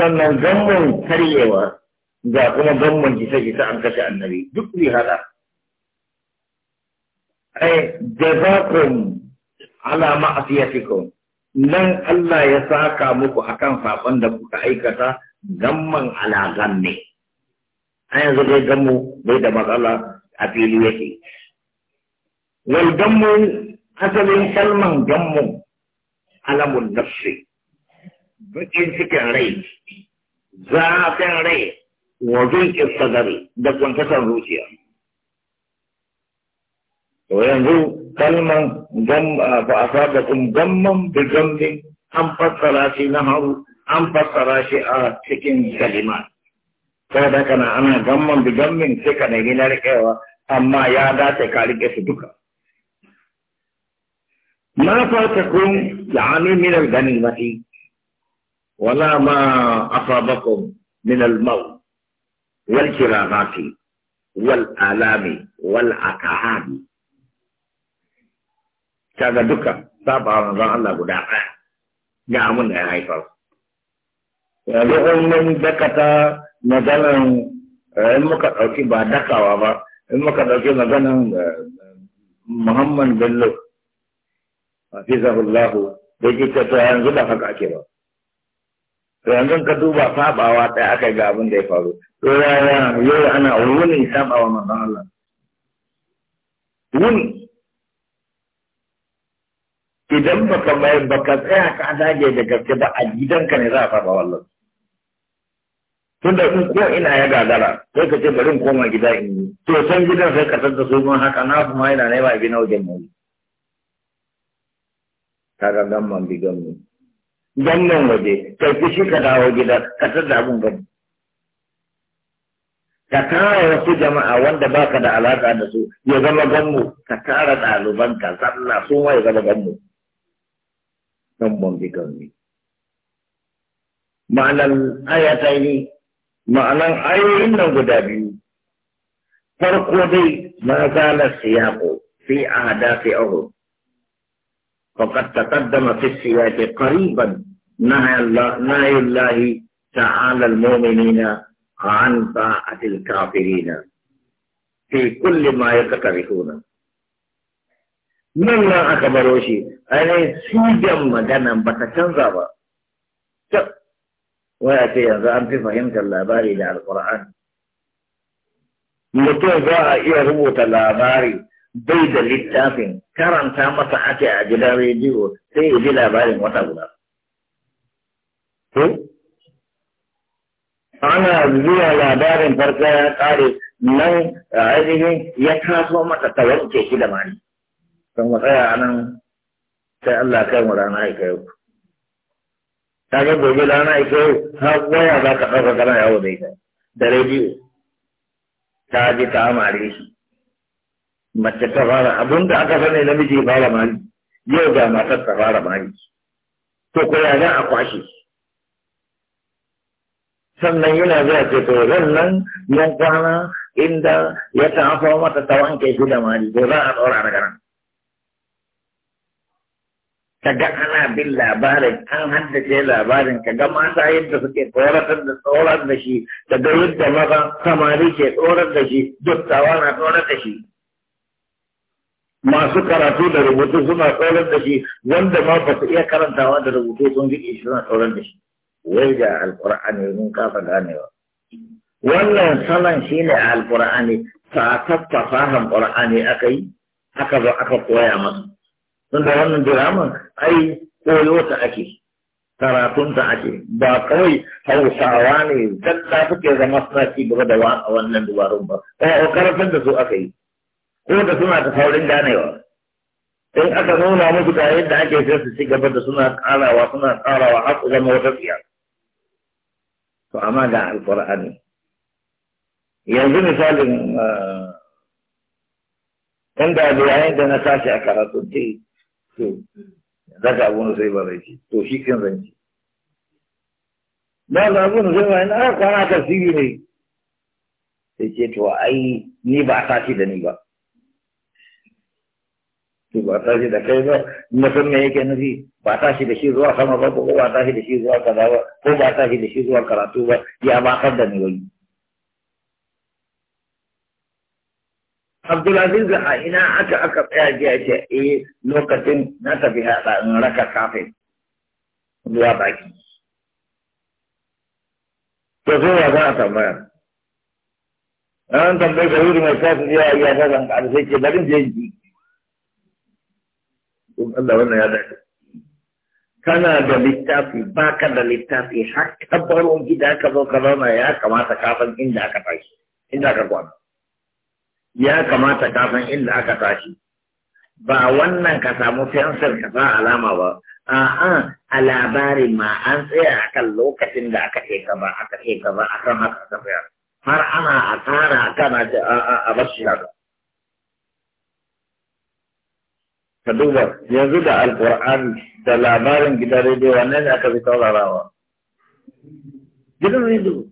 Speaker 1: sannan gammon karyewa ga kuma gammon gisa-gisa an kashe annabi duk ri hada ai jazakum ala ma'asiyatikum nan Allah ya saka muku akan saƙon da kuka aikata gamman ala gamme a yanzu dai gammu bai da matsala a fili yake wal gammu asalin kalman gammu alamun nafsi bakin cikin rai zafin rai wazin kisadari da kwantakan zuciya to yanzu kalman gam fa asadakum gamman bi gammin an fassara shi na haru an fassara shi a cikin kalima. Sai da kana ana gamman bi gammin sai ka nemi na amma ya dace ka rike su duka. Na fata kun da hannu minar ganin mafi, wala ma asabakun minal mau, wal kiramati, wal alami, wal akahani. Kaga duka, saba wa Allah guda ɗaya, ga amin da ya haifar. yanzu in mun dakata maganan eh, in muka ɗauki ba dakawa ba in muka ɗauki maganan eh, muhammad bello hafizahullahu da ke to yanzu da haka ake ba to yanzu ka duba sabawa ɗaya aka ga abin da ya faru to yau ana wuni sabawa manzon Allah wuni idan baka mai baka tsaya ka zage da gaske ba a gidanka ne za a faɗa wallan Tunda in ko ina ya gagara sai ka ce bari in koma gida in yi to san gidan sai ka tanta su mun haka na kuma ina nema abi na wajen mai kaga man bi gan gamman gamman waje kai fushi ka dawo gida ka tada abun gani ka kare wasu jama'a wanda baka da alaka da su ya zama mu, ka kare ɗaliban ka sallah su ma ya zama gammu gamman bi gamman ma'anar ne. ma'anan ayoyin nan guda biyu farko dai ma zala siyaqu fi ahdafi ahu faqad taqaddama fi siyaqi qariban nahya Allah ta'ala al-mu'minina عن طاعة الكافرين في كل ما يقترفون من ما أخبروشي أنا سوجا مدانا بتشنزا وياتي يا فهمت فهمت اللاباري على القران
Speaker 2: متو جاء يربط
Speaker 1: اللاباري بيد للتافين كرم تامة حتى اجل ريديو تي دي لاباري وتقول انا زي لاباري فرقا قال من هذه يكاد وما تتوقع كده ماني ثم قال انا تالله كان ورانا هيك kaga gobe da ana ike har waya za ka ɗauka kana yawo da ita da rediyo ta je ta amare shi mace ta fara abinda da aka sani namiji ya fara mari yau ga matar ta fara mari to ko ya ga a kwashe sannan yana zuwa ce to ran nan yan kwana inda ya tafa mata ta wanke shi da mari ko za a ɗaura a nan kaga ana bin labarin an haddace labarin kaga mata yadda suke tsoratar da tsorar da shi kaga yadda maza samari ke tsorar da shi dottawa na tsorar da shi masu karatu da rubutu suna tsorar da shi wanda ma ba su iya karantawa da rubutu sun riƙe shi suna tsorar da shi wai ga alƙur'ani mun kafa ganewa wannan salon shi ne a alƙur'ani ta fasahan ƙur'ani aka yi aka zo aka koya masu da wannan diraman ai koyo ta ake karatun ta ake ba kawai hausawa ne zalla suke zama suna ci gaba da wannan dubarun ba ko karatun da su aka yi ko da suna ta saurin ganewa in aka nuna musu ga yadda ake sai su ci gaba da suna karawa suna karawa har su zama wata tsiya to amma ga alqur'ani yanzu misalin ah, inda da yayin da na tashi a karatun te. Eh, to daga abun sai ba zai ci to shi kan zan ci ba da abun sai ba ina kwana tasiri ne sai ce to ai ni ba ta shi da ni ba to ba ta shi da kai ba na san me yake ba ta shi da shi zuwa sama ba ko ba ta shi da shi zuwa kaza ko ba ta da shi zuwa karatu ba ya ba da ni Abdulaziz a ina aka aka tsaya jiya ce eh lokacin na tafi haɗa in raka kafin zuwa baki. Ta zo ya za a tambaya. An tambayi ga wuri mai kafin yawa iya ta zanga ƙarfi sai ce bari je ji. Allah wannan ya dace. Kana da littafi ba ka da littafi har ka baro gida ka zo ka zauna ya kamata kafin inda aka tashi inda aka kwana. ya kamata ka san inda aka tashi ba wannan ka samu fensir ka sa alama ba a'a a labarin ma an tsaya a kan lokacin da aka ce ba aka ce ba a kan haka aka tsaya har ana a tsara a kan a bar shi haka ka duba yanzu da alkur'an da labarin gidan rediyo wannan ne aka fi saurarawa gidan rediyo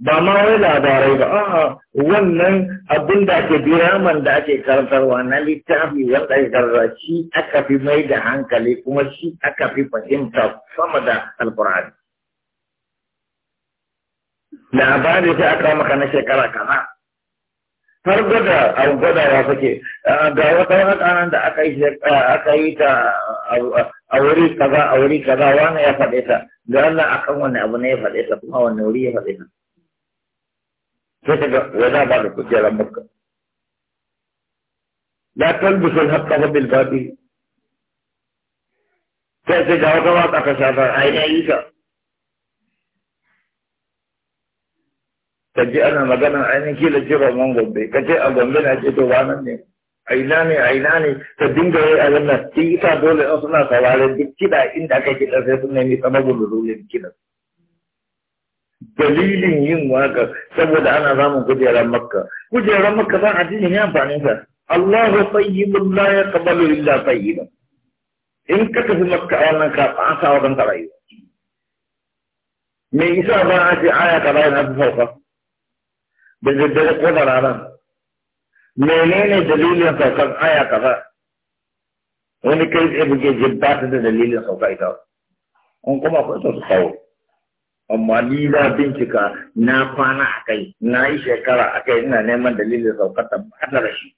Speaker 1: ba ma wai labarai ba a'a wannan abin da ake biraman da ake karantarwa na littafi wanda ake karantarwa shi aka fi mai da hankali kuma shi aka fi fahimta sama da alkur'ani labari sai aka maka na shekara kama har gwada a gwadawa suke ga wata wani da aka yi ta a wuri kaza a wuri kaza wani ya faɗe ta ga Allah akan wani abu ne ya faɗe ta kuma wani wuri ya faɗe ta لا فسق وذاب على كتي على مكة لا تلبس الحق بالباطل كيف جاو كوا تكشافا عين عيسى كجي أنا مغانا عين كي لجيبا من غبي كجي أغنبنا جيتو وانا عيناني عيناني تدينك هي أغنى تيسا دولي أصلا سوالي بكتا إنتا كي تلسيسنني سمبو لدولي بكتا dalilin yin waka saboda ana samun kujerar makka kujerar makka ba a cikin ya amfani ta Allahu tayyibun la yaqbalu illa tayyiban in ka tafi makka a wannan ka an sa wa kanka rayuwa me isa ba a ce aya kaza yana ta sauka da daddare ko da rana menene dalilin saukan aya kaza wani kai tsaye buge jibba ta da dalilin sauka ita in kuma akwai su kawo amma ni na bincika na kwana a kai na yi shekara a kai ina neman dalilin saukar da ba da shi.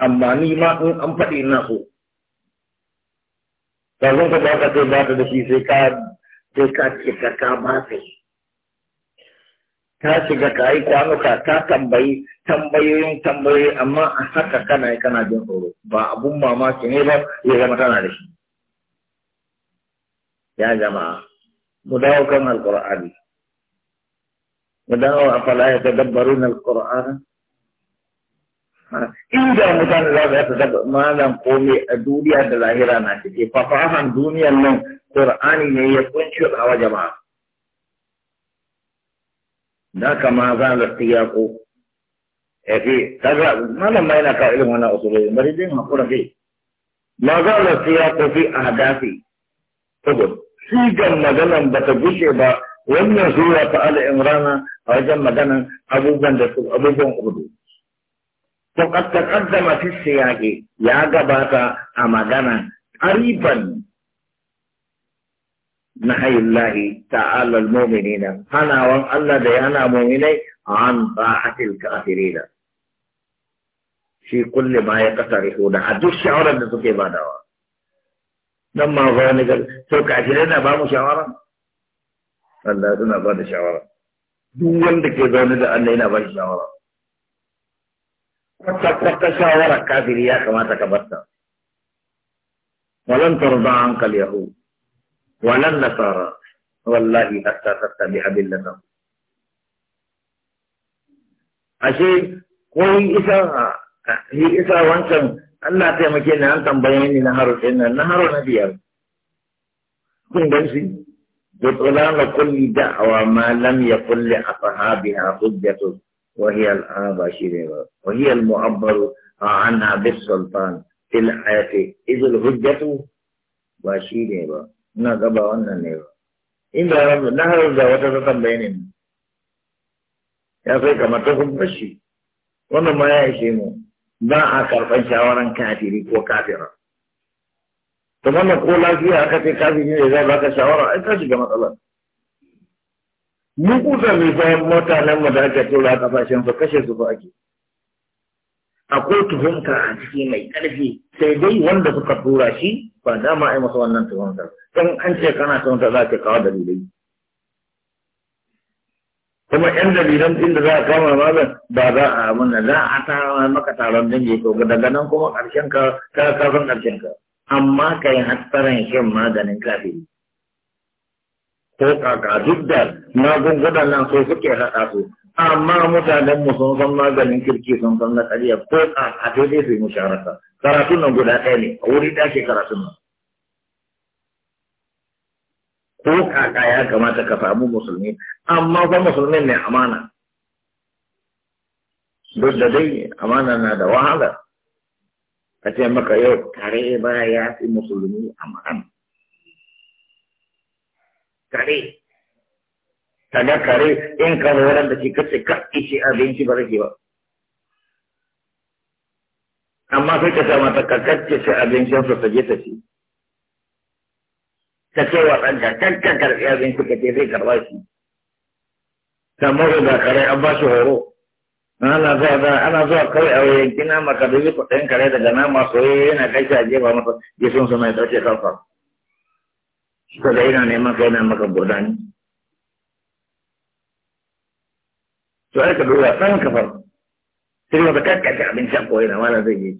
Speaker 1: amma ni ma in an faɗi ina so kazan ka baka sai ba ta da shi sai ka sai ka ce ka ba ta yi ta shiga ka yi kwanuka ta tambayi tambayoyin tambayoyi amma a haka kana yi kana jin tsoro ba abun mamaki ne ba ya zama kana da shi ya jama'a mu dawo kan alqur'ani mu dawo afala ya tadabbarun alqur'ana inda mutane za su yasa daga malam komai a duniya da lahira na cike fafahan duniyar nan qur'ani ne ya kunshi hawa jama'a da ma za a siyako ya fi kaga malam ma yana kawo irin wannan usulai bari din hakura kai ma za a siyako fi a hadafi tubun sigan maganan ba ta gushe ba wannan zuwa ta ala imrana a wajen maganan abubuwan da su abubuwan hudu to qad taqaddama fi siyaqi ya gabata a magana qariban نهي الله تعالى المؤمنين أنا وان الله ديانا مؤمنين عن طاعة الكافرين في كل ما يقترحون عدو الشعور الذي تكي بادوا لما ظن قال توقعت لنا ابا مشاورا قال لا دون ابا مشاورا دون ذلك ظن ذا ان لنا ابا مشاورا
Speaker 2: فتكبرت
Speaker 1: شاورا كافر يا كما تكبرت ولن ترضى عنك اليهود ولن نصارى والله حتى تتبع ملتهم أشي وهي إسا هي إسا وانسان Allah taimake ni an tambaye ni na haro ɗin nan na haro na biyar kun gan shi بطلان كل دعوة ما لم يقل لأصحابها حجة وهي الآباشرة وهي المعبر عنها بالسلطان في الآية إذ الحجة باشرة نقبا وننبا إن رب نهر الزوات تتبينين يا أخي كما تكون بشي وما ما يعيشي مو ba a karɓar shawaran kafiri ko kafira to wannan ko lafiya aka ce kafiri ne zai baka shawara ai ka shiga matsalar mun kusa mai bayan mutanen mu da aka tura a kafashen su kashe su ba ake akwai tuhumta a ciki mai ƙarfi sai dai wanda suka tura shi ba dama ai masa wannan tuhumtar don an ce kana tuhumta za ka kawo dalilai kuma yan dalilan da za a kama malam ba za a amina za a ta maka taron dangi ko daga nan kuma ƙarshen ka ka kafin ƙarshen ka amma ka yi hattaran shan maganin kafi ko kaka duk da magungunan nan so suke haɗa su
Speaker 2: amma mutanen
Speaker 1: mu sun san maganin kirki sun san na ƙarya ko kaka sai daidai su yi musharaka karatun nan guda ɗaya ne a wuri ɗaya ke karatun nan ko kaka ya kamata ka samu musulmi amma fa musulmin ne amana duk da dai amana na da wahala a ce maka yau kare ba ya fi musulmi amana kare kaga kare in ka horar da shi kace ka ishi abinci ba rage ba amma sai ka sa mata ka kacce shi abincin su ta je ta ci ka ce wa ɗanka kan ka karɓi abinci ka ce zai karɓa shi kamar da kare an ba shi horo ana zuwa da ana zuwa kawai a yanki nama ka dubi kuɗin kare daga nama soyayya yana kai shi a jefa masa ya sun sama ya ɗauke kansa ko da yana neman kai na maka burdani to ai ka duba ɗan kafar sai maka kakkace abinci a koyi na mana zai yi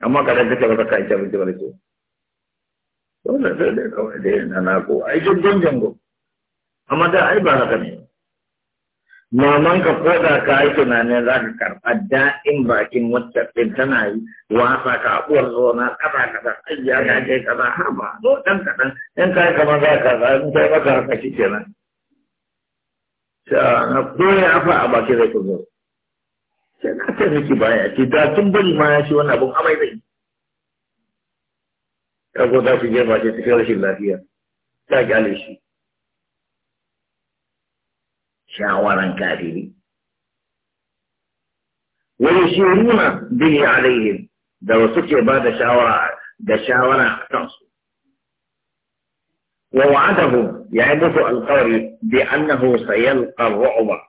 Speaker 1: amma ka da kake ba ka kai abinci ba da ke dole sai dai kawai dai na nako ai jirgin jango amma da ai ba haka ne maman ka koda ka yi tunanin za ka karɓa da'in bakin wancan ɗin tana yi wasa ka uwar zona kaza kaza ajiya ga kai kaza har ba zo ɗan kaɗan ɗan ka yi kamar za ka za in kai maka haka shi kenan na koya afa a bakin zai ku zo sai na taimaki baya ki da tun bari ma ya shi wani abun amai zai yi أبو داشي جيبا جيت في رشي الله فيها لا جالي شي شعورا كافري ويشيرون به عليهم دو سكي بعد شعورا دشاورا تنصر ووعده يعبث يعني القول بأنه سيلقى الرعب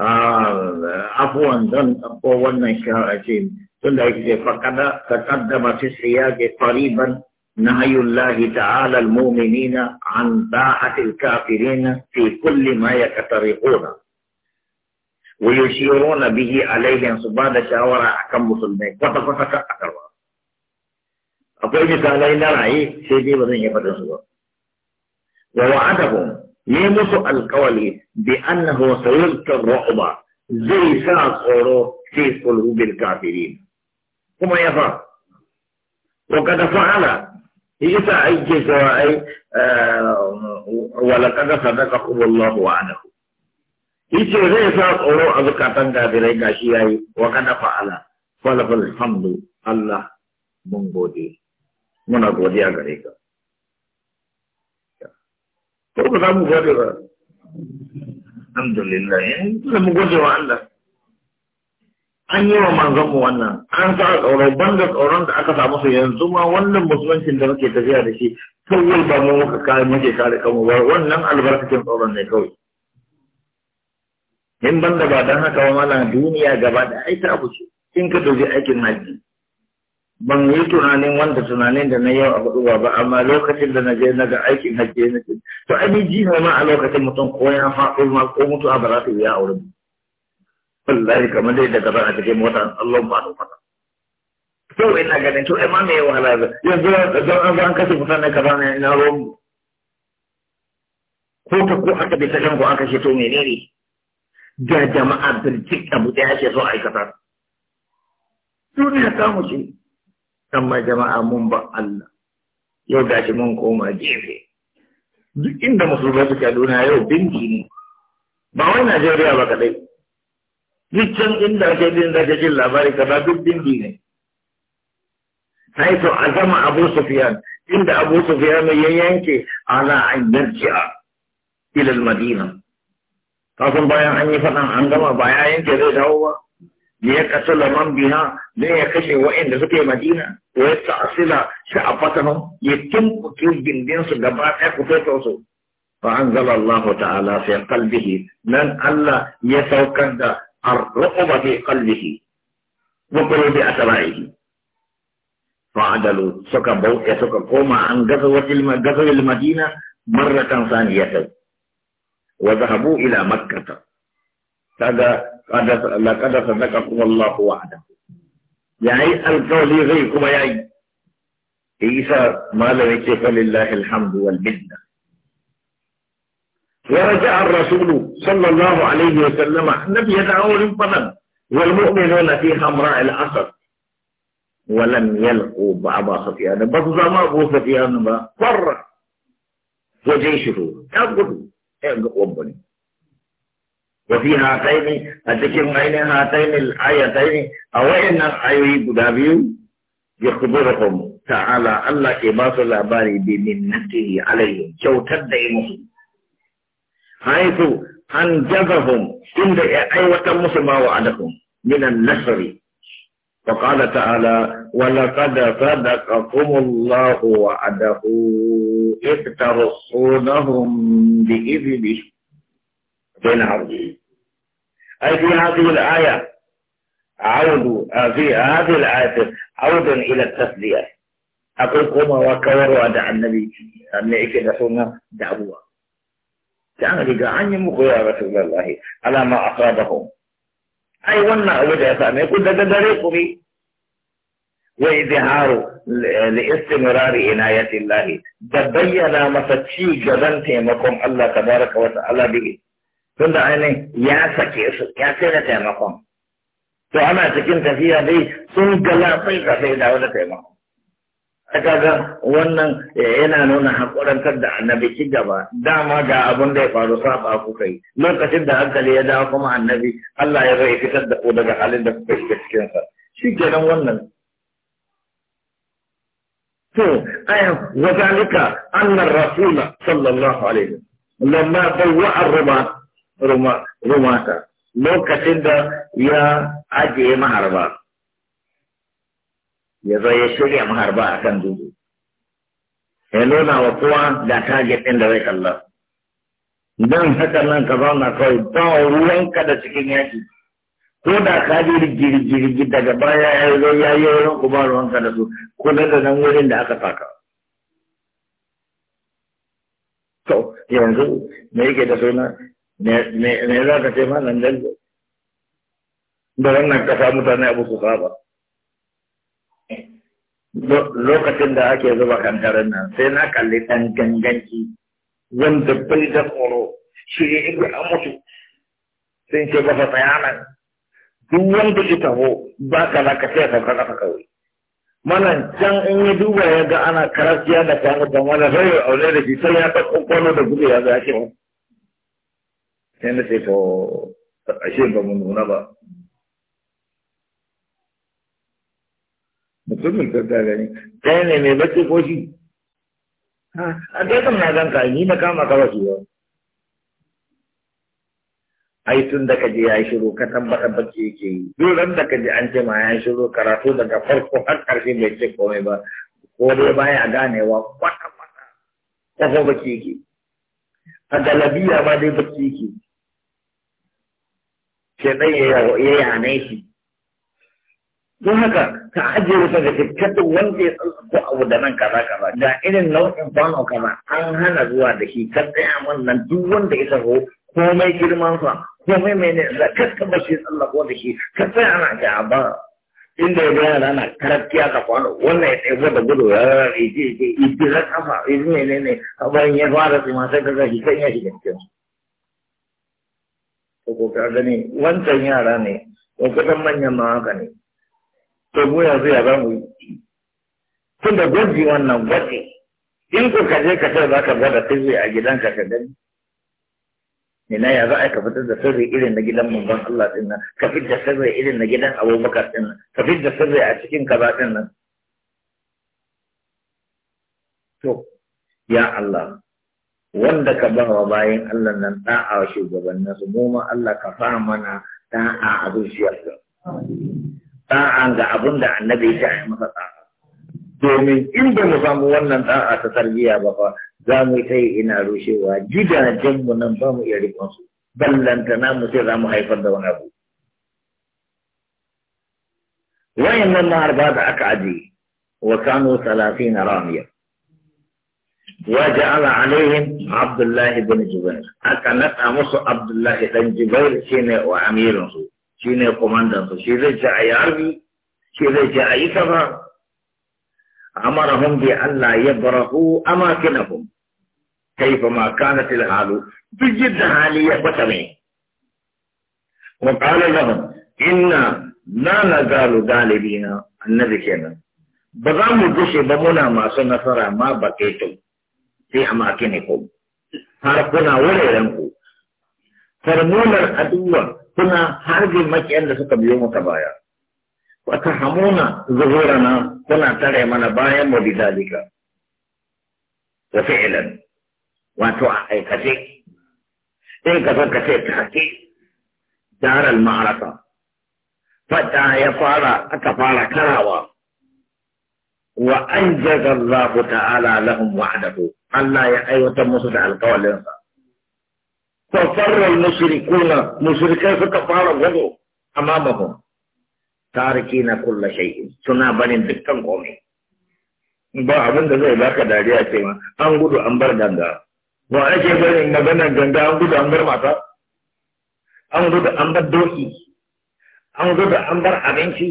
Speaker 1: آه عفوا ظن أقوى ونشاء شيء فقد تقدم في السياق قريبا نهي الله تعالى المؤمنين عن طاعة الكافرين في كل ما يكترقون ويشيرون به عليهم سبحانه شاور أحكم مسلمين قطع قطع أكبر أقول مثالي نرعي سيدي وزن يفتن ووعدهم يمس القول بأنه سيلقي الرعب زي ساس في قلوب الكافرين kuma ya fa وقد فعل إذا أي جزاء ولقد صدقكم الله وعده yace zai sa tsoro a zukatan gafirai gashi yayi wa kada fa'ala falafal hamdu Allah mun gode muna godiya gare ka ko ba za mu gode ba alhamdulillah eh mu gode wa
Speaker 2: Allah an yi wa mu
Speaker 1: wannan an sa tsoro banda tsoron da aka samu su yanzu ma wannan musuluncin da muke tafiya da shi kawai ba mu muka kare muke kare kanmu ba wannan albarkacin tsoron ne kawai in banda ba dan haka ba malam duniya gaba da ai ta abu in ka tafi aikin naji ban yi tunanin wanda tunanin da na yau a hudu ba amma lokacin da na je na ga aikin haji na ce to ai ji ma a lokacin mutum ko ya ma ko mutu a ba za ta yi a wurin wallahi kamar dai daga zan a cikin mota Allah ba su fata yau ina ganin to ai ma me wahala yanzu don an zan kashe mutane kaza ne ina ruwan ko ta ko aka bi ta ko aka ce to menene da jama'a birjik abu ya ce so aikata duniya ta mu ce amma jama'a mun ba Allah yau gashi mun koma gefe duk inda musulmai suke duniya yau binki ne ba wai Najeriya ba kadai duk inda ake jin da jin labari kaza duk dindi ne sai to a zama abu sufiyan inda abu sufiyan ya yanke ala an a ilil madina kafin bayan an yi faɗan an gama ba ya yanke zai dawo ba da ya kasu laman biha don ya kashe wa'inda suke madina ko ya ta'asila shi a fatanu ya tumɓuke gindinsu gaba ɗaya ku Ta'ala Allah ta'ala الله تعالى nan Allah Ya saukar da. الرعب في قلبه وقلوب أسرائه فعدلوا سكا بوكا سكا قوما عن قصوة المدينة مرة ثانية وذهبوا إلى مكة لقد صدقكم الله وعده يعني القول غيركم يعني إيسا ما لم يكن فلله الحمد والمنه ورجع الرسول صلى الله عليه وسلم النبي يدعو للبدن والمؤمنون في حمراء الأسد ولم يلقوا بعض سفيان بس زما أبو سفيان ما فر وجيشه يقول يقول وفي هاتين أتكلم عن هاتين الآيتين أو إن الآية بدابيو يخبركم تعالى الله كباس الأباري بمنته عليهم شوتد إليه حيث إن عند أيوة مسلم وعدكم من النصر وقال تعالى ولقد صدقكم الله وعده إذ ترصونهم بإذنه بين عرضه أي في هذه الآية عود في هذه الآية عود إلى التسلية أقول قوموا وكوروا أدع النبي أن إكدسونا دعوة ta an riga an yi muku ya rasulullahi ala ma asabahum ai wannan abu da ya same ku daga dare ku ne wa izharu li istimrari inayatillahi da bayyana masa ci gaban taimakon Allah tabaraka wa ta'ala bihi tunda ainihin ya sake su ya sai da taimakon to ana cikin tafiya dai sun gala sai ka sai da wani taimakon kaga wannan yana nuna haƙurantar da annabi ci gaba dama ga abin da ya faru saba kuka yi lokacin da hankali ya dawo kuma annabi Allah ya zai fitar da ku daga halin da kuka shiga cikin sa shi kenan wannan to ayan wazalika annar rasula sallallahu alaihi lamma bawwa ar-ruma ruma rumata lokacin da ya ajiye maharba ya zo ya shirya maharba a kan dudu ya nuna wa kowa da target ɗin da zai kalla don haka nan ka zauna kawai ba ruwanka da cikin yaki ko da ka ji rigirigirigi daga baya ya zo ya yi wurin kuma ruwanka da su ko da nan wurin da aka saka to yanzu me yake da suna me za ka ce ma nan da wannan kasa mutane abu su saba lokacin da ake zuba kankarar nan sai na kalli ɗan ganganci wanda bai da tsoro shi ne in an mutu sun ce ba tsaya nan duk wanda ya taho ba ka za ka sai ka ƙasa kawai mana can in yi duba ya ga ana karasiya da kayan mutum wani sai a wani da shi sai ya ta kwakwalo da gudu ya za ya ce oh. sai na ce to ashe ba mu nuna ba mutumin ka ta gani kai ne mai bacci ko shi a kai na gan ka ni na kama ka wasu ba ai tun da kaje ya shiru ka tambata bacci yake yi duk da kaje an ce ma ya shiru karatu daga farko har karshe bai ce komai ba ko dai baya ganewa kwata kwata ko bacci yake a galabiya ba dai bacci yake
Speaker 2: ke ɗaya ya yi a
Speaker 1: shi don haka ka ajiye wuta da fitattun wanda ya tsantsa ko abu da nan kaza kaza da irin nau'in kwano kaza an hana zuwa da shi ka tsaya wannan duk wanda ya taho komai girman sa komai mai ne da kakka ba shi tsallako da shi ka tsaya ana ga ba inda ya bayar ana karatiya ka kwano wannan ya tsaye da gudu ya rarrabe ya ce ya ce ya kafa ya ne ne ne a bayan ya fara tsima sai ka zaki kan ya shiga cikin ko ka gani wancan yara ne ko kusan manyan ma haka ne to mu yanzu ya bamu yi tun da gwaji wannan gwaji in ku ka je ka ce za ka gwada sirri a gidanka ka gani ina ya za a ka fitar da sirri irin na gidan manzon Allah din nan ka fitar da sirri irin na gidan Abubakar din nan ka fitar da sirri a cikin kaza din nan to ya Allah wanda ka ba wa bayan Allah nan da'a shugabannin su mu ma Allah ka fara mana da'a a zuciyarka da'a ga abin da annabi ya yi masa da'a domin in ba mu samu wannan da'a ta tarbiyya ba fa za mu ta yi ina rushewa gidajenmu nan ba mu iya rikon su ballantana mu sai za mu haifar da wani abu wayan nan maharba da aka ajiye wa kano talatin ramiya وجعل عليهم Abdullahi الله بن جبير أكنت أمس عبد الله بن جبير شنو وأمير رسول shi ne komandansu shi zai ce a yi harbi shi zai ce a yi amara hun bi Allah ya barahu amakinahum kaifa ma kanat halu duk yadda hali ya bata mai wa qala lahum inna la galibi na. annabi kenan ba za mu gushe ba muna masu nasara ma bakaitum fi amakinikum
Speaker 2: har kuna wuraren
Speaker 1: ku فرموlar aduwa kuna harbin makiyan da suka biyo maka baya wata hamuna zuhurana kuna tare mana bayan mu bidalika da fi'lan wato a aikace sai ka san ka ce ta haƙi daral ma'araka fada ya fara aka fara karawa wa anjaza Allah ta'ala lahum wa'adahu Allah ya aiwatar musu da alƙawalinsa ففر المشركون مشركين فكفار وضو أمامهم تاركين كل شيء سنا بنين دكتن قومي ba abin da zai baka dariya ce ma an gudu an bar ganga
Speaker 2: ba ake barin
Speaker 1: maganar ganga an gudu an bar mata an gudu an bar doki an gudu an bar abinci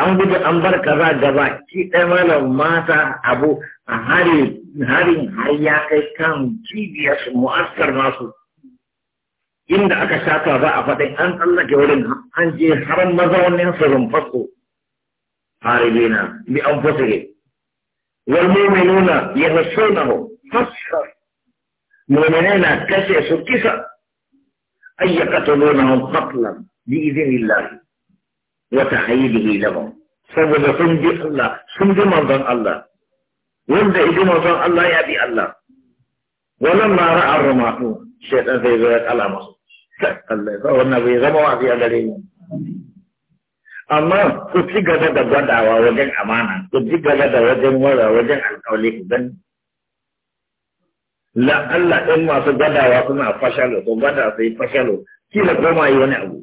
Speaker 1: an gudu an bar kaza gaba ki ɗaya malam mata abu a hari harin har ya kai kan cibiyar su mu'askar nasu inda aka shata za a faɗin an tsallake wurin an je har mazaunin su rumfasko haribina bi an fasire wal mu'minuna yansunahu fasar mu'minai na kashe su kisa ayyakatunahum qatlan bi idhnillah wa tahayyidihi lahum saboda sun ji Allah sun ji manzon Allah wanda idan manzon Allah ya bi Allah wannan ma ra'ar rumatu shaytan sai zo ya kala masu Allah ya wannan bai zama wasi a gare ni. amma ku ci gaba da gwadawa wajen amana ku ci gaba da wajen wara wajen alƙawli ku gani la Allah ɗin masu gwadawa suna fashalo to gwada sai fashalo kila goma yi wani abu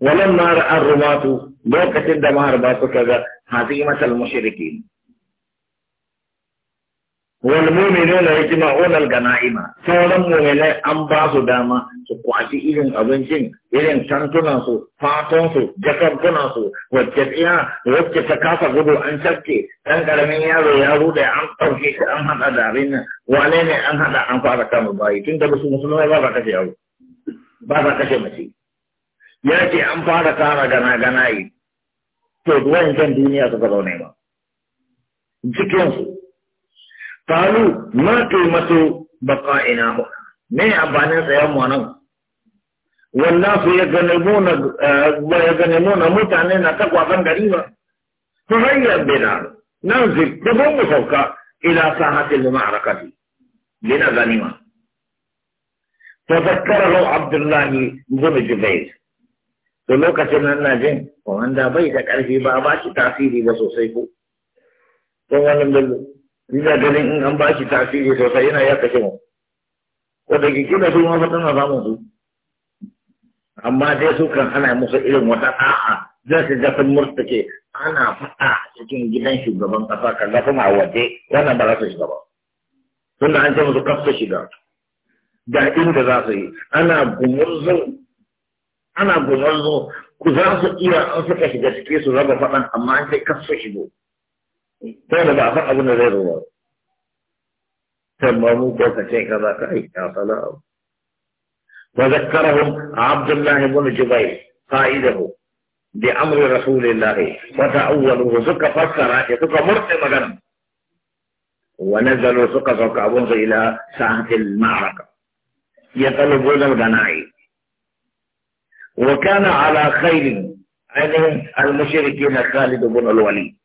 Speaker 1: walan ma ra'ar rumatu lokacin da maharba suka ga hazimatal mushrikin
Speaker 2: wal mu'minuna
Speaker 1: yajma'una al ganaima sauran mu'minai an ba su dama su kwaci irin abincin irin tantunansu fatonsu fatan wacce tsiya wacce ta kasa gudu an sarke ɗan ƙaramin yaro ya rude an ɗauke shi an haɗa da abin nan wane ne an haɗa an fara kama bayi tun da su musulmai ba ba kashe yaro ba ba kashe mace ya ce an fara kama gana ganaye yi to duwayen duniya suka zaune ba cikinsu Kalu ma kalmatu baqa'ina ba. Me amfanin tsayar mu nan. Wanda su ya ga nemona ba ya ga nemona mutane na ta kwafan gari ba. Ku hayya bina. Nan zai da ban mu sauka ila sahatil ma'arakati. Lina ganima. Tazakkara lau Abdullahi Zubi Jubair. To lokacin nan na jin, wanda bai da ƙarfi ba, ba shi tasiri ba sosai ko. Don wani bulu, ina ganin in an ba shi tasiri sosai yana ya kashe mu wanda ke kira su ma fatan na samun su amma dai su kan ana musu irin wata a'a zai su dafa murta ke ana faɗa cikin gidan shugaban ƙasa kan dafa a waje yana ba za su shiga ba da an ce musu kafa shiga da inda za su yi ana gumurzo ana gumurzo ku za su iya an suka shiga cikin su raba faɗan amma an ce kafa shigo dole ba a san abin da zai zo شيء كذا كأي صلاة وذكرهم عبد الله بن جبير قائده بأمر رسول الله وتأولوا سك فسر سك مرت مجنم ونزلوا سك سك أبوز إلى ساحة المعركة يطلبون الغنائم وكان على خير عن المشركين خالد بن الوليد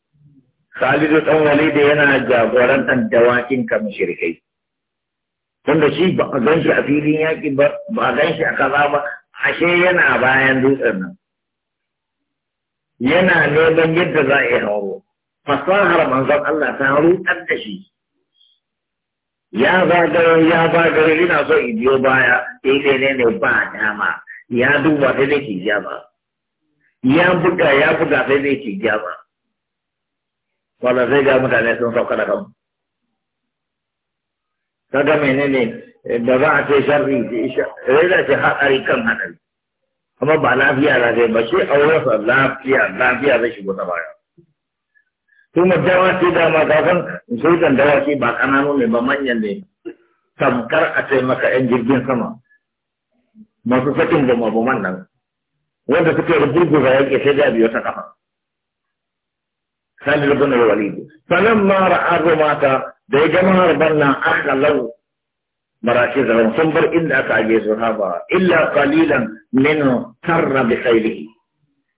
Speaker 1: Khalidu ɗan walida yana jagorantar dawakin kan shirkai. Tunda shi ba a gan shi a filin yaƙi ba, ba a gan shi a kaza ba, ashe yana bayan dutsen nan. Yana neman yadda za a yi hauro. Fasahar manzon Allah ta rutar da shi. Ya zagaro ya zagaro ina so in biyo baya, ɗaya ne ne ba dama. Ya duba sai dai ke jama. Ya buga ya buga sai dai ke jama. wanda zai ga mutane sun sauka da kanmu kaga menene da za a ce sharri zai da ce haɗari kan haɗari kuma ba lafiya na zai ba shi aurensa lafiya lafiya zai shigo ta baya kuma dawaki dama kafin sultan dawaki ba ƙananu ne ba manyan ne tamkar a taimaka maka yan jirgin sama masu sakin gama nan wanda suke da gurgurza yake sai da biyo ta kafa خالد بن الوليد فلما رأى الرماة دي جماعة احلى لو مراكزهم فانظر إلا تعجيز هذا إلا قليلا منه سر بخيله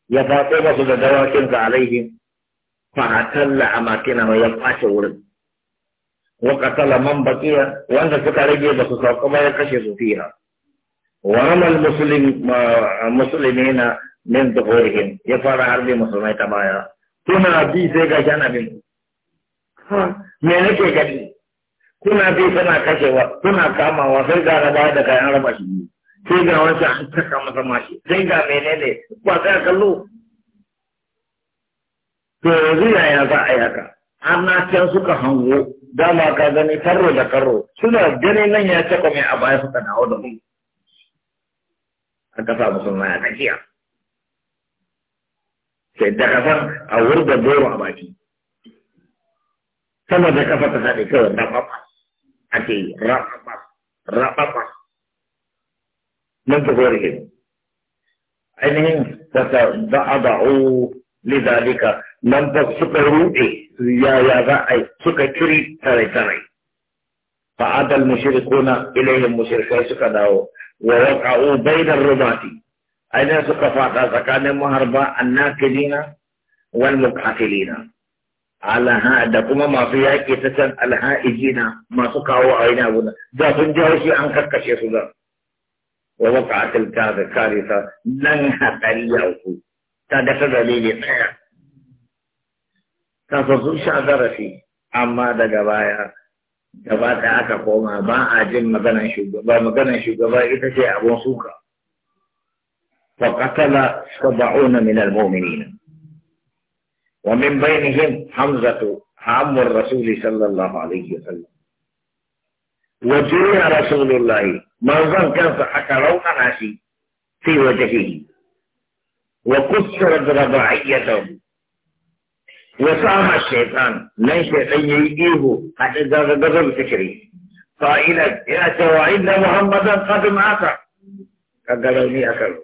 Speaker 1: يا فاطمة دواكنز عليه فاعتل أماكنه يبقى ورد وقتل من بقي وأنت تترجي بس سوقما يكشف فيها ورمى المسلم آه، المسلمين من ظهورهم يفعل عرض مسلمين تبايا kuna bi sai ga shana ku me nake gani kuna bi kuna kashewa kuna kamawa sai ga raba da kayan raba shi sai ga wancan an taka masa mashi sai ga menene ba sai kallo to yanzu yaya za a yaka. An ana can suka hango dama ka gani karro da karro suna ganin nan ya caka mai a baya suka dawo da mu a kasa musulma ya tafiya sai da kafar a wurga goro a baki sama da kafa ta haɗe kawai rafafa ake yi rafafa rafafa Nan ta kore ke ainihin ta wata da'ada'u lidalika nan ba suka ruɗe ya yaya za a yi suka kiri tare-tare fa'adal mushrikuna ilayhim mushrikai suka dawo wa waqa'u bainar rumati aina suka fada tsakanin maharba annakilina wal muqatilina alaha da kuma masu yaƙi ta can alha'ijina masu kawo a yana guda da sun ji shi an karkashe su da wa waqa'atil kadhikarisa lan hadariyahu ta da ta dalili tsaya ta so sun sha zarafi amma daga baya gaba da aka koma ba a jin maganar shugaba shugaba ita ce abun suka فقتل سبعون من المؤمنين ومن بينهم حمزة عم الرسول صلى الله عليه وسلم وجري رسول الله ظن كان روح ناسي في وجهه وكسرت رباعيته وصام الشيطان ليس ان يجيه حتى ذا بدل فكري قائلا يا سواء محمدا قد معك قد لوني اكلوا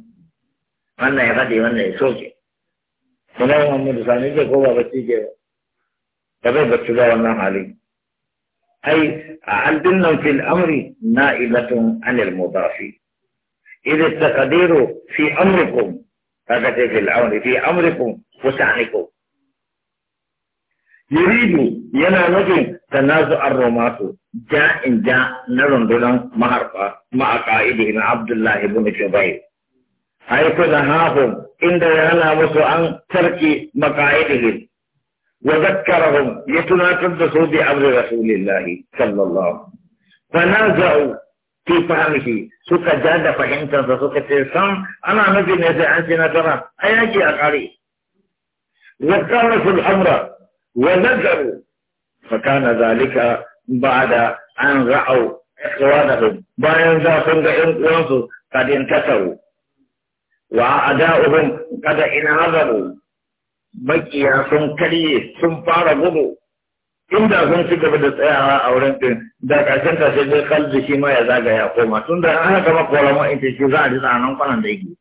Speaker 2: من نه قدی من نه سوگی من
Speaker 1: اون هم میدونم اینجا کوبا بچی که دبی بچه دارم نه حالی هی عدلنا في الأمر نائلة عن المضاف إذا التقدير في أمركم هذا في الأمر في أمركم وسعنكم يريد ينا نجي تنازع الرومات جاء إن جاء نرن دون مع قائده عبد الله بن شبيب حيث نهاهم إن يانا مسو عن ترك مقاعدهم وذكرهم يتناقض بأمر رسول الله صلى الله عليه وسلم فنازعوا في فهمه سوكا جادة فهمتا سوكا تلسان أنا نبي نزع سنة ترى أياجي أقاري وكرسوا الأمر ونزعوا فكان ذلك بعد أن رأوا إخوانهم بعد أن ذا سنجا قد انكسروا wa ada'uhum kada in hazabu makiya sun karye sun fara gudu inda sun ci gaba da tsayawa a wurin din da karshen ta sai dai kalbi shi ma ya zagaya koma tun da an haka ma wala ma ita shi za a ji tsanan kwanan da yake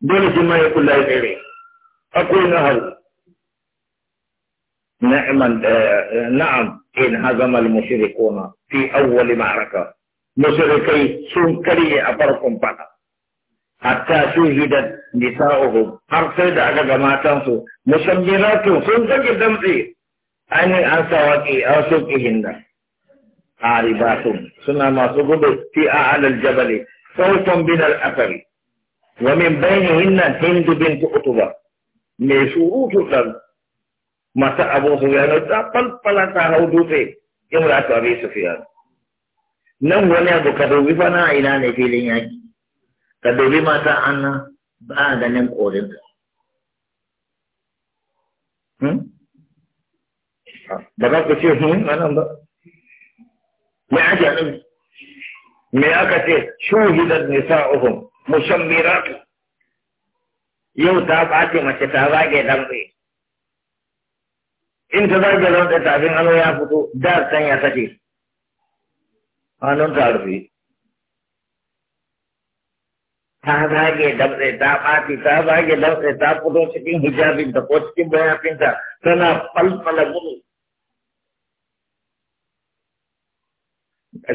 Speaker 1: dole shi ma ya kula ya tsere akwai na hau. Eh, na'am, haru نعم نعم إن هزم المشركون في أول sun مشركي a farkon فقط hatta shuhidat nisa'uhum har sai da aka ga su musammiratu sun zage damtse an an sawaki a suqihin da aribatun suna masu gudu fi a alal jabal sautan bin al-athari wa min hinna hind bin utba Me surutu dan mata abu sufyan ta falfala ta hau dutse imratu abi sufyan nan wani abu kadu bi fa ina ne filin yaki ka dubi mata anna ba a ganin Da hmm? ba za ku ce hun hmm, anan ba me ake nan me aka ce shuhidar nisa uhum ku. yau ta ɓace mace ta zage dambe in ta zage damɓe tafin hannu ya fito da san ya sace hannun ta rufe ta zage damtse ta ɓaci ta zage damtse ta fito cikin hijabinta ko cikin bayafinta tana falfala gudu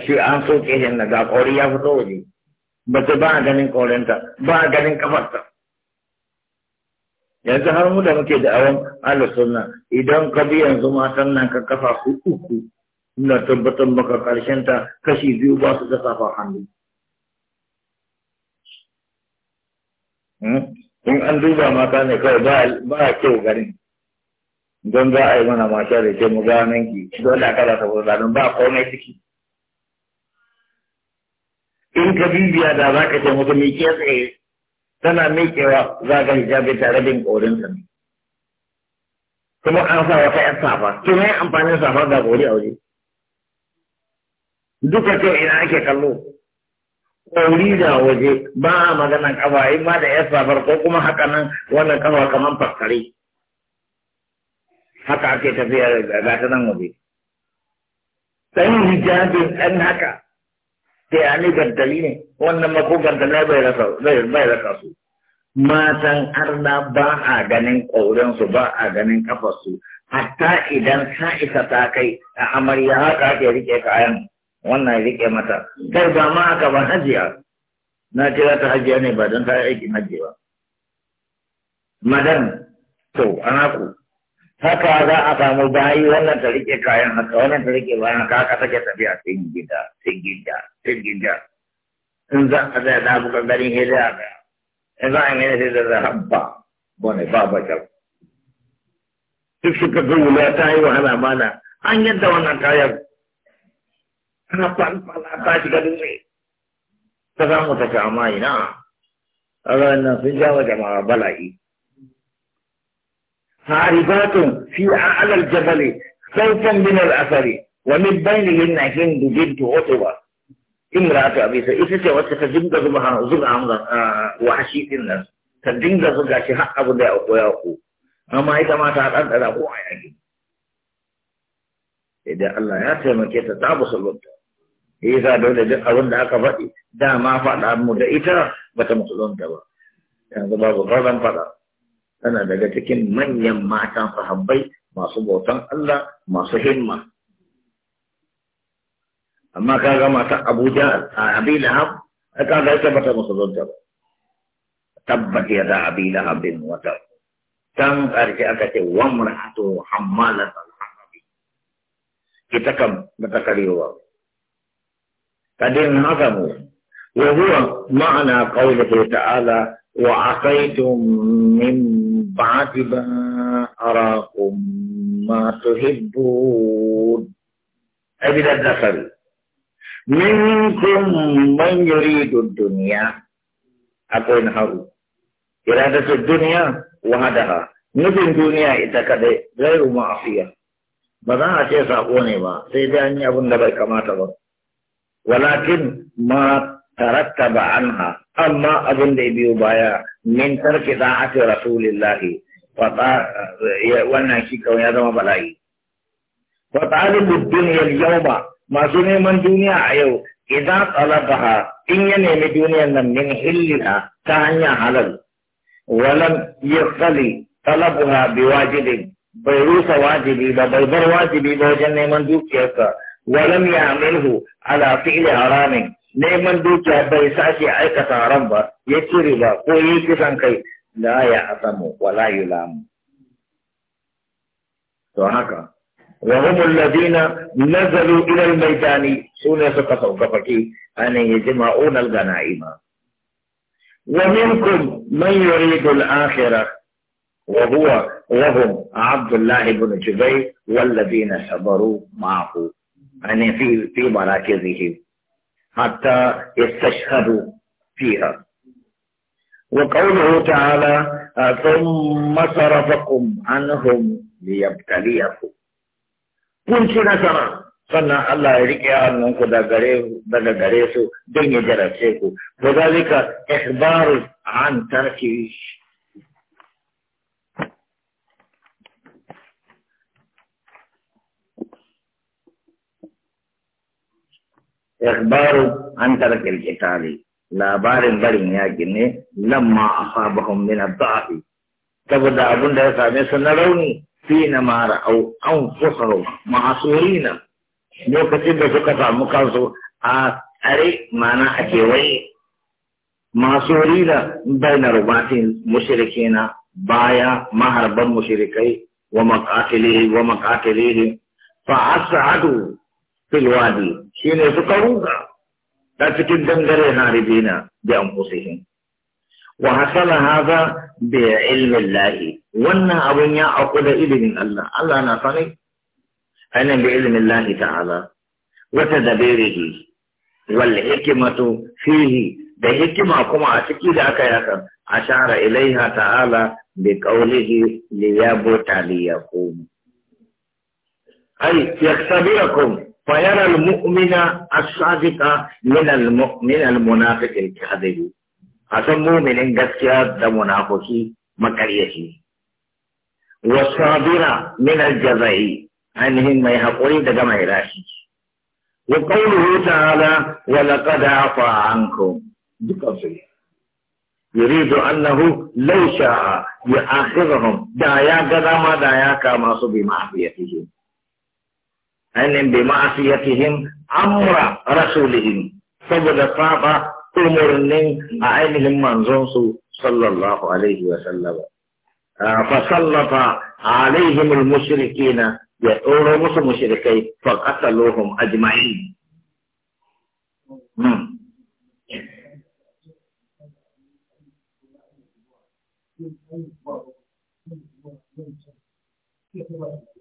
Speaker 1: shi an soke yin na ga kori ya fito waje ba ta ba a ganin korenta, ba a ganin kafarta yanzu har mu da muke da awon alasunna idan ka bi yanzu matan nan ka kafa su uku ina tabbatar maka karshen ta kashi biyu ba su da safar hannu Hmm? in an duba mata ne kawai ba a kyau garin don za a yi mana mata da ke muga nan ki don da kada ta wurin don ba komai ciki in ka bibiya da za ka ce musu miƙe tsaye tana miƙewa za ka hijabi tare da ƙorinsa ne kuma an sa wata ‘yan safa to yi amfanin safa ga gori a waje duka ce ina ake kallo kauri da waje ba a maganan kafa in ma da yar safar ko kuma haka nan wannan kafa kamar faskare haka ake tafiya ga ta nan waje dan hijabi dan haka sai a ne gantali ne wannan ma ko bai rasa bai su matan arna ba a ganin su ba a ganin kafarsu hatta idan isa ta kai a amarya haka ake rike kayan wannan rike mata kai ba ma aka ban hajiya na kira ta hajiya ne ba don ta aikin hajji ba madan to ana ku haka za a samu bayi wannan ta rike kayan haka wannan ta rike bayan haka haka take tafiya sun gida sun gida sun gida in za a zai da buka garin hijira da in za a yi ne sai da zahabba bane ba ba kyau
Speaker 2: duk suka ga wula ta yi wahala
Speaker 1: mana an yadda wannan kayan ta falfala ta shiga dutse ta samu ta amma ina kaga nan sun jawo jama'a bala'i haribatun fi a'lal jabali sawtan min al-asari wa min bainihin nahin dubintu utuba imratu abi sa ita ce wacce ta dinga zuba zuba hamza wa shi din nan ta dinga zuga shi har abu da ya koya ku amma ita ma ta ɗanɗana ko a yaƙi idan Allah ya taimake ta ta musulunta ya sa dole duk abin da aka faɗi dama faɗa mu da ita bata musulunta ba yanzu babu ƙarfin faɗa tana daga cikin manyan matan sahabbai masu bautan Allah masu himma amma ka ga matan Abuja a Abi Lahab ka ga ita bata musulunta ba tabbat ya da Abi Lahab bin wata can ƙarshe aka ce wa mar'atu hammalatan hamabi ita kam bata karewa ba قد انهزموا
Speaker 2: وهو
Speaker 1: معنى قوله تعالى وعصيتم من بعد ما أراكم ما تحبون أبدا الدخل منكم من يريد الدنيا أكون هارو إرادة الدنيا وحدها الدنيا اذا إتكاد غير معصية ba أشياء a ce saƙo ne ba sai dai an walakin ma tarattaba anha amma abin da ya biyo baya min tarki ake rasulillahi wannan shi kawai ya zama bala'i wa talibud dunya yau ba masu neman duniya a yau idan talabaha in ya nemi duniyar nan min hillina ta hanyar halal walam yakhali talabuha biwajibin bai rusa wajibi ba bai bar wajibi ba wajen neman dukiyarsa ولم يعمله على فعل حرام نيمن دوكي أبي ساسي عيكة حرام با يكيري با قوي كي لا يعظم ولا يلام وهكا وهم الذين نزلوا إلى الميدان سونا سقطوا قبكي أن يجمعون الغنائم ومنكم من يريد الآخرة وهو وهم عبد الله بن جبير والذين صبروا معه يعني في في مراكزهم حتى يستشهدوا فيها وقوله تعالى ثم صرفكم عنهم ليبتليكم kun ci nasara sannan Allah ya rike hannunku daga gare su don ya jarabce ku Ba zalika ikhbaru an tarki ikhbaru an tarkil qitali labarin barin yaƙi ne lamma asabahum min ad-da'fi
Speaker 2: saboda abin
Speaker 1: da ya same su na rauni fi na mara au an fusaro ma'asurina lokacin da suka samu kansu a tsare mana a kewaye masurina baina rubatin mushrikina baya maharban mushrikai wa maqatilihi wa maqatilihi fa as'adu fil wadi shi ne suka ruga ta cikin dangare na haribina da anfusihim wa hasala haza, bi ilmin lahi wannan abun ya aku da ilimin Allah Allah na sani ainihin bi ilmin lahi ta'ala wata dabirihi wal hikimatu fihi da hikima kuma a ciki da aka yaka ashara ilaiha ta'ala bi qawlihi li yabu taliyakum ay فيرى المؤمن الصادق من المؤمن المنافق الكاذب أصلا مؤمن إن قد منافقي مكريشي والصابر من الجزائي عنهم يعني ما يحقوني دقما يراشي وقوله تعالى ولقد عفا عنكم بقصر يريد أنه لو شاء يؤاخذهم دايا قدما دايا كما صبي معافيتهم ainihin bi ma'asiyatihim
Speaker 2: amra
Speaker 1: rasulihim saboda saba umurnin a ainihin manzonsu sallallahu alaihi wa sallama fasallata alaihim almushrikina ya tsoro musu mushrikai fa qataluhum ajma'in
Speaker 2: Thank you.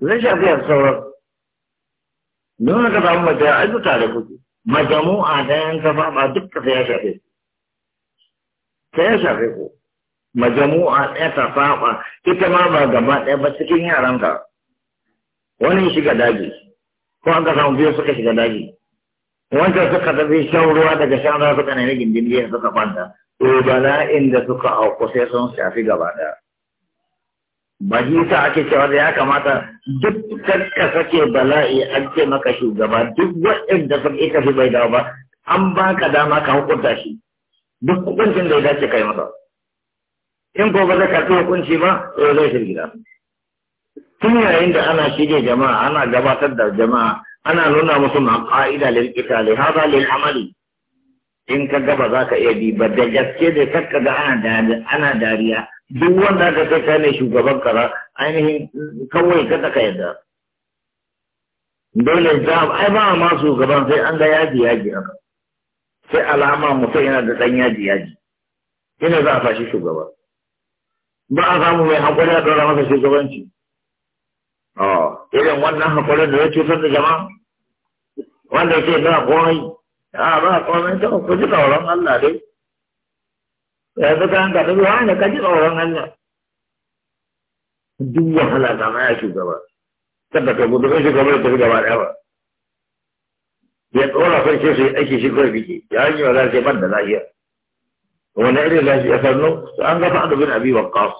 Speaker 1: zai shafi a sauran nuna ka samu mace a duk tare kuke majamu a dayan ka ba duk ka ya shafe ka ya shafe ko majamu a ɗaya ta fafa ita ma ba gaba ɗaya ba cikin yaran ka wani shiga daji ko an ka samu biyu suka shiga daji wancan suka tafi shan ruwa daga shan ruwa suka nemi gindin biyar suka kwanta to inda suka auku sai sun shafi gaba ɗaya ba ake cewa da ya kamata duk ka sake bala'i an ce maka shugaba duk waɗanda sun ka shi bai dawo ba an ba ka dama ka hukunta shi duk hukuncin da ya dace kai masa in ko ba zai karɓi hukunci ba to zai shirgi da tun yayin da ana shige jama'a ana gabatar da jama'a ana nuna musu ma ka'ida lil qitali hada lil amali in ka gaba za ka iya bi ba da gaske da kakka ga ana dariya duk wanda aka kai ka ne shugaban kaza ainihin kawai ka ka yadda dole za ai ba ma shugaban sai an ga yaji yaji haka sai alama mutum yana da dan yaji yaji ina za a fashi shugaba ba a samu mai hakuri a dora masa shugabanci ah, irin wannan hakuri da ya cutar da jama'a wanda ke ba komai a ah, ba komai ta ku ji tsoron Allah dai yanzu ka an gaɗa ruwa ne ka ji tsoron Allah duk wahala na maya shugaba kada ka gudu kan shugaba da tafi gaba ɗaya ba ya ɗora kai sai su yi aiki shi kawai biki ya hanyi wa lafiya ban da lafiya wani irin lafiya sannu to an gafa an bin abi waqqas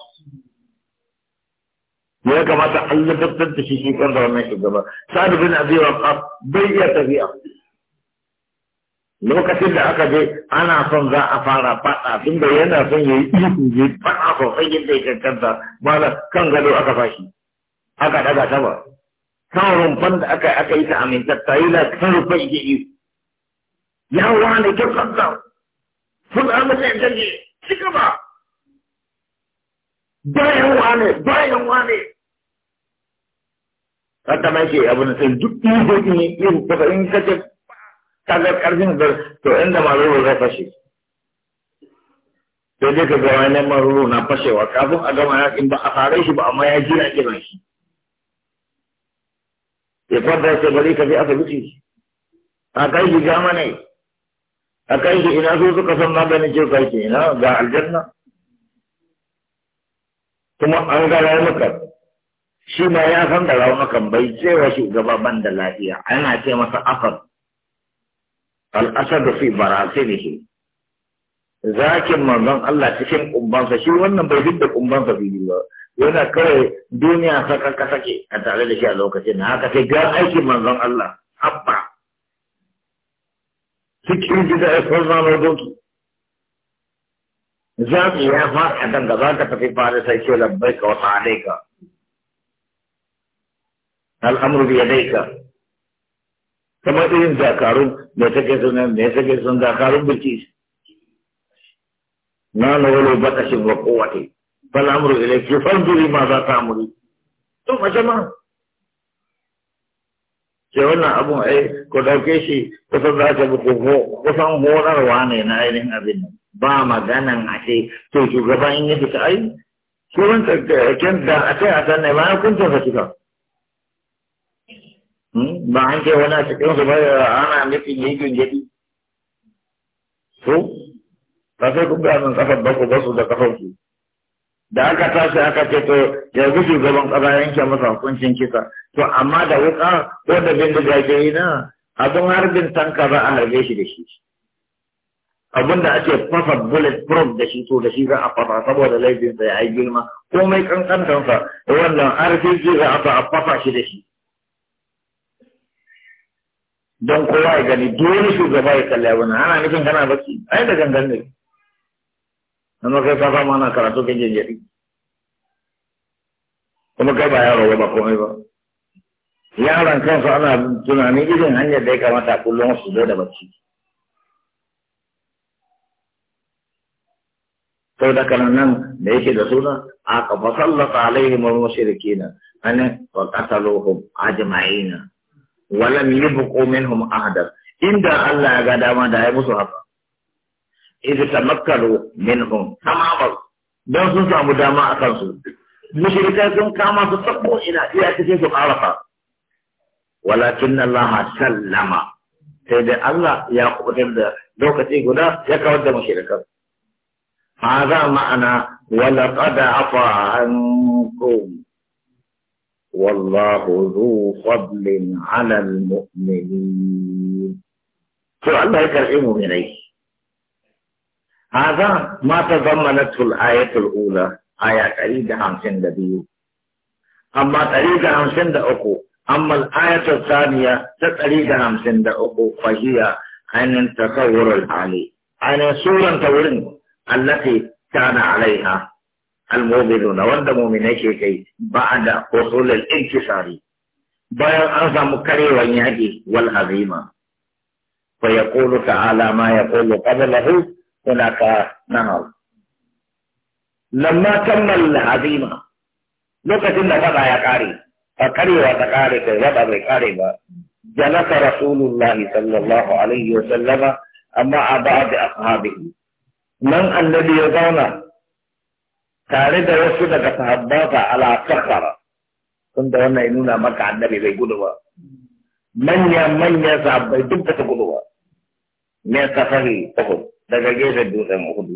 Speaker 1: ya kamata Allah dabtar shi shi kan da wannan shugaba sa'ad bin abi waqqas bai iya tafiya lokacin da aka je ana son za a fara fada tun da yana son
Speaker 2: ya yi ihu ya yi
Speaker 1: fada sosai da ya cancanta ba da kan gado aka fashi aka daga ta ba kan rumfan da aka aka yi ta amintatta yi na kan rumfa yake yi ya wani kyau kansa sun amince ya canje ci gaba bayan wane bayan wane ta mai ke abin sai duk ihun ne irin kafa in kace kaga karfin da to inda maruru zai fashe sai dai ka ga wani maruru na fashewa kafin a gama yakin ba a fara shi ba amma ya jira kiran shi ya kwanta sai bari ka bi asibiti a kai shi gama ne a kai shi ina so suka san maganin ce kai ke ina ga aljanna kuma an gara maka shi ma ya san da rawa makan bai cewa shugaba ban da lafiya ana ce masa afar al'asar fi a zakin manzon Allah cikin kumbansa shi wannan bai fidda kumbansa fili ba yana kawai duniya saka ka sake a tare da shi a lokacin haka sai ga aikin manzon Allah abba cikin gida ya san zanar doki zaɓi iya faɗa dan da za ka tafi fara sai ce labbai ka wata alaika al'amuru ka. kamar irin dakarun da kai sunan da ya sake sun dakarun british na na wani bakashin wa kowace falamuru ke fanzuri ma za ta amuri to mace ma Ke wannan abun ai ko dauke shi kusan za ta buku kusan horarwa ne na ainihin abin nan ba maganan a ce to shugaban in yi fita ai shugaban eh, da a ce a san ne bayan kun ka shiga Hmm? ba an ke wani a cikin su ba ana nufin yi gyangyaɗi so ba sai kun ga min kafar ba ku ba su da kafar ku da aka tashi aka ce to yanzu shugaban kasa yanke masa hukuncin kisa to amma da wuka ko da bindiga ke yi na abin harbin tanka za a harbe shi da shi abin da ake fasa bullet proof da shi to da shi za a fasa saboda laifinsa ya yi girma komai kankantansa wannan rpg za a fasa shi da shi don kowa ya gani dole shugaba ya kalli abin ana nufin kana baki ai da gangan ne amma kai ka samu ana karatu kan jejjeri kuma kai ba yaro ba komai ba yaron kansa ana tunanin irin hanyar da ya kamata kullum su zo da bacci sau da kanan nan da yake da suna a kafa sallata alaihim al-mushrikina an fa a ajma'ina walam yubqu minhum ahada inda Allah ya ga dama da ya musu haka idza tamakkalu minhum tamamal dan sun samu dama a kansu mushrikai sun kama su tsakko ina iya cikin su arafa walakin Allah sallama sai dai Allah ya kubutar da lokaci guda ya kawar da mushrikan هذا معنى ولقد عفا عنكم والله ذو فضل على المؤمنين فالله يكرم إليه هذا ما تضمنته الآية الأولى آية عن خمسين دبيو أما عن خمسين أكو أما الآية الثانية عن خمسين أكو فهي عن التصور العالي عن سورة تورن التي كان عليها المؤمنون وند مؤمنين كي بعد حصول الانكسار بين اعظم مكري ونيادي والهزيمة فيقول تعالى ما يقول قبله هناك نهر لما تم الهزيمة لقد إن بضع يقاري فكري وتقارك وضع بقارب جلس رسول الله صلى الله عليه وسلم أما بعض أصحابه من الذي يضعنا tare da wasu daga sahabbata ala sakhara tun da wannan ya nuna maka annabi bai gudu ba manya manya sahabbai duk da ta gudu ba ne safari uku daga gefe dutsen uhud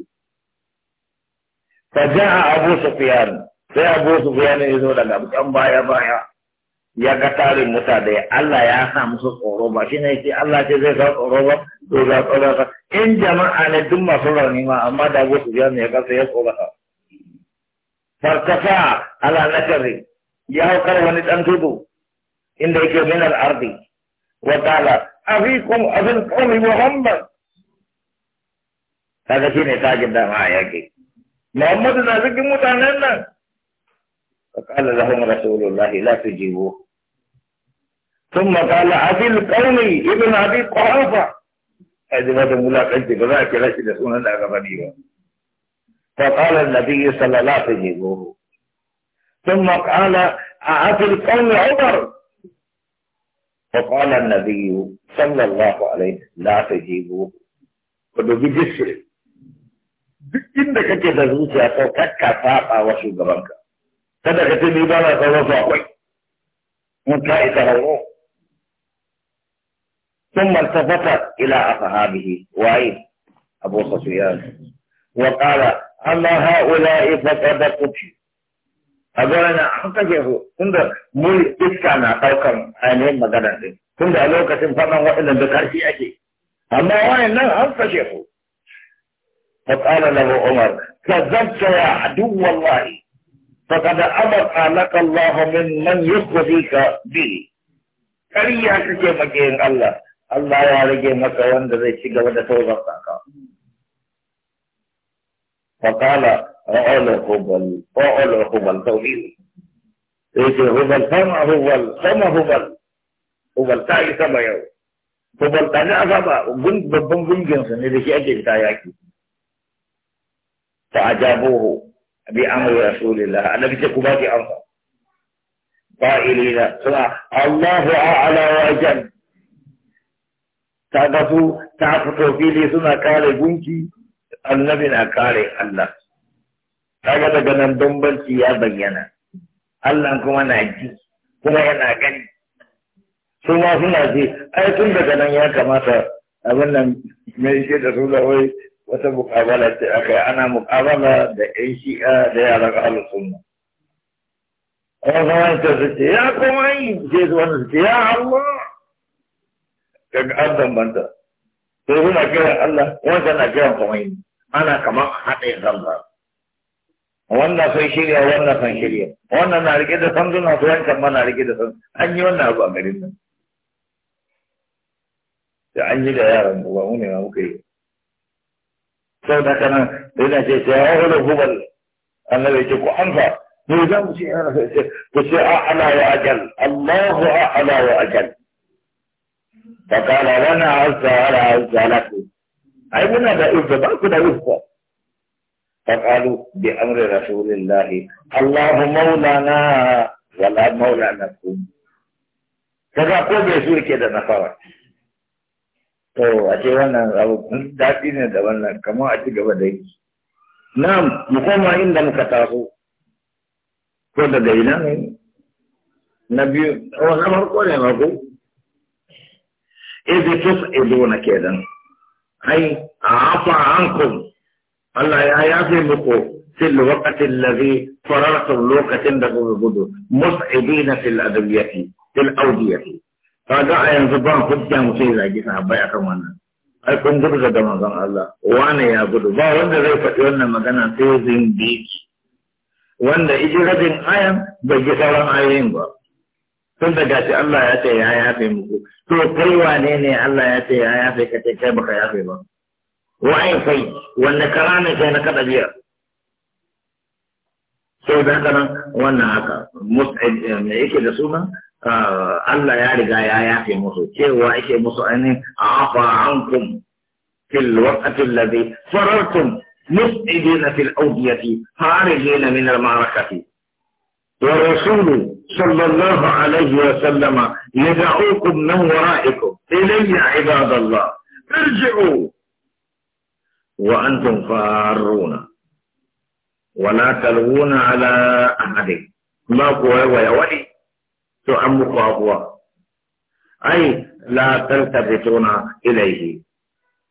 Speaker 1: فجاء abu سفيان sai abu su ya zo daga can baya baya ya ga tarin mutane Allah ya sa musu tsoro ba shi ne ce Allah ce zai sa tsoro ba to ga tsoro ka in jama'a ne duk masu rauni ma amma da abu su ya ne ya kasa ya tsoro ka فارتفع على نجره يهو ونتأن تدو إن ذلك من الأرض وقال أفيكم أفي القوم محمد هذا شيء نتاج الدماء يكي محمد نازك متعنن فقال لهم رسول الله لا تجيبوه ثم قال أبي القوم
Speaker 2: ابن أبي قحافة
Speaker 1: هذه هذا ملاقات بذلك لا تدخلون لها غفنيها فقال النبي صلى الله عليه وسلم ثم قال أعطي القوم عمر فقال النبي صلى الله عليه لا تجيبوا فدو بجسر إن كنت تدوسي أقول كتك فاقا وشو قبنك كنت كتب إبانا فوضا وكا إتغلو ثم التفت إلى أصحابه وعيد أبو صفيان وقال amma ha'ula'i fasar da kuki a gwanan an kashe su tunda mun iska na ɗaukar ainihin magana ɗin tunda a lokacin faɗan waɗannan da ƙarfi ake amma wayan nan an kashe su fa qala lahu umar kadzabta ya adu wallahi fa qad amara alaka allah min man yukhzika bi kariya kake bakin allah allah ya rage maka wanda zai ci gaba da tauba ka
Speaker 2: فقال أعلقب
Speaker 1: الأعلقب التوحيد إيش هو الفم هو الفم هو هو التاي سما يو هو التاي سبا وجن ببن جنس نريش أجل تاياكي فأجابوه بأمر رسول الله أنا بيت كباتي أمر قائلين الله أعلى وأجل تعرفوا تعرفوا في لي سنة قال جنكي annabi na kare Allah kaga daga nan bambanci ya bayyana Allah kuma na ji kuma yana gani su ma suna ce ai tun daga nan ya kamata abin nan mai shi da su wai wata mukabala ce aka yi ana mukabala da yan shi'a da yaran alusunna kuma zama ta su ce ya kuma yi ce su wani su ce ya Allah daga an bambanta sai suna kiran Allah wanda na kiran kuma yi ana kamar a haɗe zamba wannan sun shirya wannan sun shirya wannan na rike da sanduna su wancan ma na rike da sanduna an yi wannan abu a garin nan da an yi da yaran uba mu ne ma muka yi sau da kana da yana ce sai ya wani hubal annabi ce ku amsa ne za mu ce yana ce ku ce a ala wa ajal Allahu a ala wa ajal fa qala lana azza ala azza lakum ai muna da izza ba ku da izza فقالوا بأمر رسول الله الله مولانا ولا مولى لكم kaga ko bai so yake da nasara to a ce wannan abu daɗi ne da wannan kamar a ci gaba da yi na'am mu koma inda muka taso ko da daga na ne na biyu wani farko ne ma ko izi tus izo na kenan ai afa ankum Allah ya yafe muku fil waqti allazi farartum lokacin da kuka gudu mus'idina fil adwiyati fil awdiyati kaga a yanzu ba hujja mutum zagi sahabbai akan wannan ai kun gudu da manzon Allah wane ya gudu ba wanda zai faɗi wannan magana sai zindiki wanda ijradin ayan bai ji sauran ayoyin ba tun da gashi Allah ya ce ya yafe muku to kai wane ne Allah ya ce ya yafe ka ce kai baka yafe ba
Speaker 2: wa'ai kai wanda kara ne
Speaker 1: kai na kada biyar sai da haka nan wannan haka mus'ab me yake da suna Allah ya riga ya yafe musu cewa yake musu ainihin afa ankum fil waqti alladhi farartum mus'idina fil awdiyati harijina min al-ma'rakati wa rasuluhu صلى الله عليه وسلم يدعوكم من ورائكم إلي عباد الله ارجعوا وأنتم فارون ولا تلوون على أحد ما قوى ولي تعمق أبوا أي لا تلتفتون إليه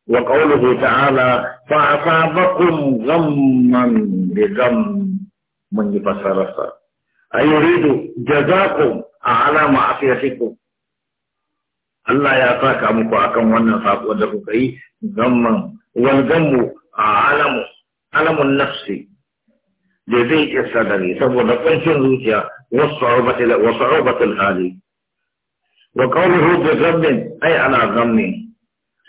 Speaker 1: وقوله تعالى فأصابكم غما بغم من يفسر الصرف أيريد جزاكم على معصيتكم الله يعطاك أمك وأكم وأن أصاب ودفك أي ذنب والذنب عالم عالم النفس لذيك السدري سبب لقنش الوجه والصعوبة وصعوبة الحال وقوله بذنب أي على ذنب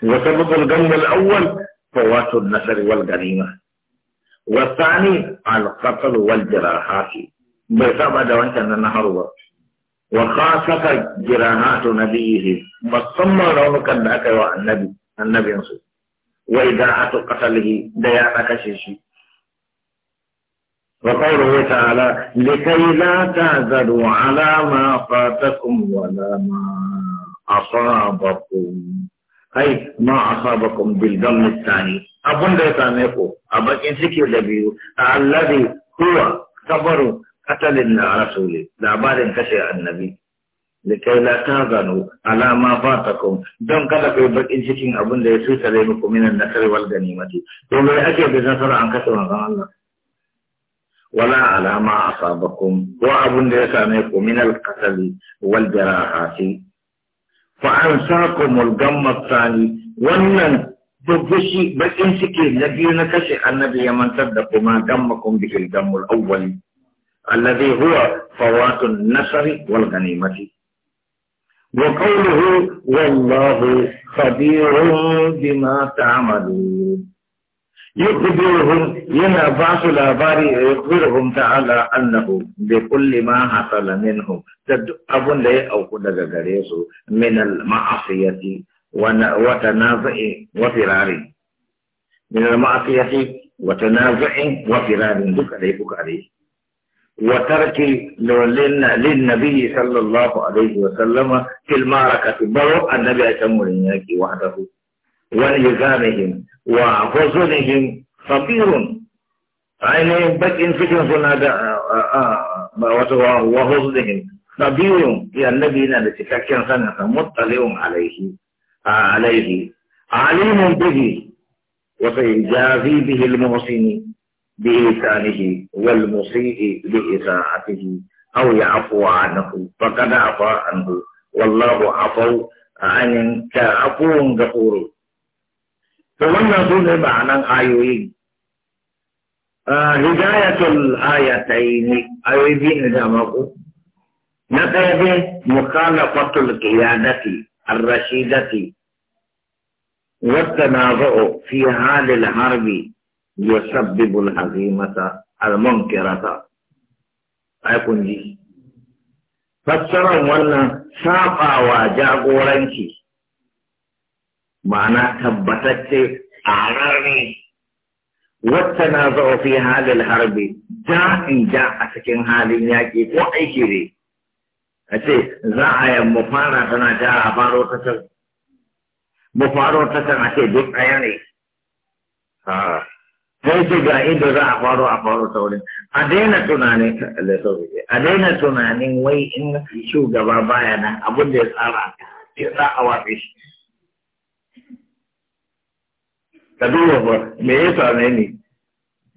Speaker 1: وسبب الذنب الأول فوات النسر والغنيمة والثاني القتل والجراحات bai saba da wancan nan na haru ba wa khasaka jiranatu nabiyihi musamman raunukan da aka yi wa annabi annabinsu wa idaatu qatalihi da ya kashe shi وقوله تعالى لكي لا تعذروا على ما فاتكم ولا ما أصابكم أي ما أصابكم بالدم الثاني أبن ليس أميكو أبن إنسكي لبيو الذي هو كبر قتل الرسول لعبار كشي النبي لكي لا تاغنوا على ما فاتكم دون كذا في بك إن شكين أبن دي سوسر لكم من النسر والغنيمة لي أكي بزنسر عن كسر الله ولا على ما أصابكم وأبن دي سانيكم من القتل والجراحات فأنساكم الغم الثاني ومن بك بكين سكي لدينا كشي النبي يمن صدقوا ما غمكم به الغم الأول الذي هو فوات النصر والغنيمة وقوله والله خبير بما تعملون يخبرهم ينا بعض الأبار يخبرهم تعالى أنه بكل ما حصل منهم تدعبون لي أو كل غريسو من المعصية وتنازع وفرار من المعصية وتنازع وفرار دك عليه وترك للنبي صلى الله عليه وسلم في المعركة برو النبي أتم لنياك وحده ولزامهم وحزنهم خطير بك إن فتن فنا وحزنهم خبير يا النبي نتفكر سنة مطلع عليه آه، عليه عليم به وسيجازي به المحسنين بإيثانه والمسيء لإساءته أو يعفو عنه فقد عفا عنه والله عفو عن كعفو غفور فمن دون معنى آيوين آه هداية الآيتين آيوين دماغه نقيد مخالفة القيادة الرشيدة والتنازع في حال الحرب يسبب الهزيمة المنكرة أيكون جي fassarar wannan saɓawa jagoranci ma'ana tabbatacce tsararre wacce na za'a fi halin harbi ja in ja a cikin halin yaƙi ko aiki ne a ce za a yi mu fara tana ja a faro ta can mu faro ta can a ce duk ɗaya ne sai ce ga inda za a faro a faro wurin a daina tunanin a daina tunanin wai in shugaba baya nan abin da ya tsara ya za a wafe shi ka duba ba me ya same ni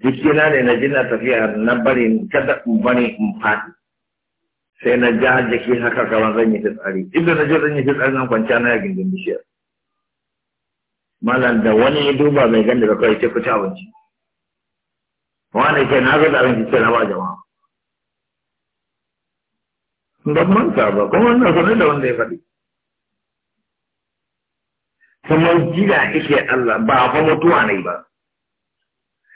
Speaker 1: jikina ne na jina tafiya na bari kada in bari in fadi sai na ja jiki haka kamar zan yi fitsari inda na je zan yi fitsari nan kwanciya na yagin bishiyar malam da wani ya duba mai ganda da kawai ce ku ci abinci wani ke na zo da abinci ce na ba jama'a ban manta ba kuma na sanar da wanda ya faɗi kuma jira ike Allah ba fa mutuwa ne ba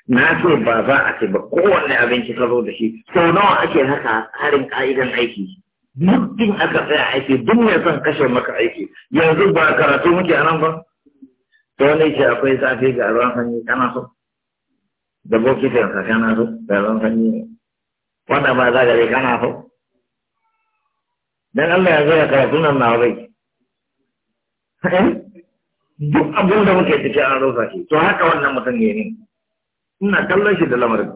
Speaker 1: na ce ba za a ce ba kowanne abinci ka zo da shi sau nawa ake haka harin ka'idan aiki muddin aka tsaya aiki duk mai son kashe maka aiki yanzu ba karatu muke a nan ba ta wani ce akwai zafi ga ruwan sanyi kana so da bokitin ka kana so da ran sanyi wanda ba za yi kana so dan Allah ya zaya ka nan na wai eh? duk abin da muke cikin an rosa ki? to haka wannan mutum ne ne ina kallon shi da lamarin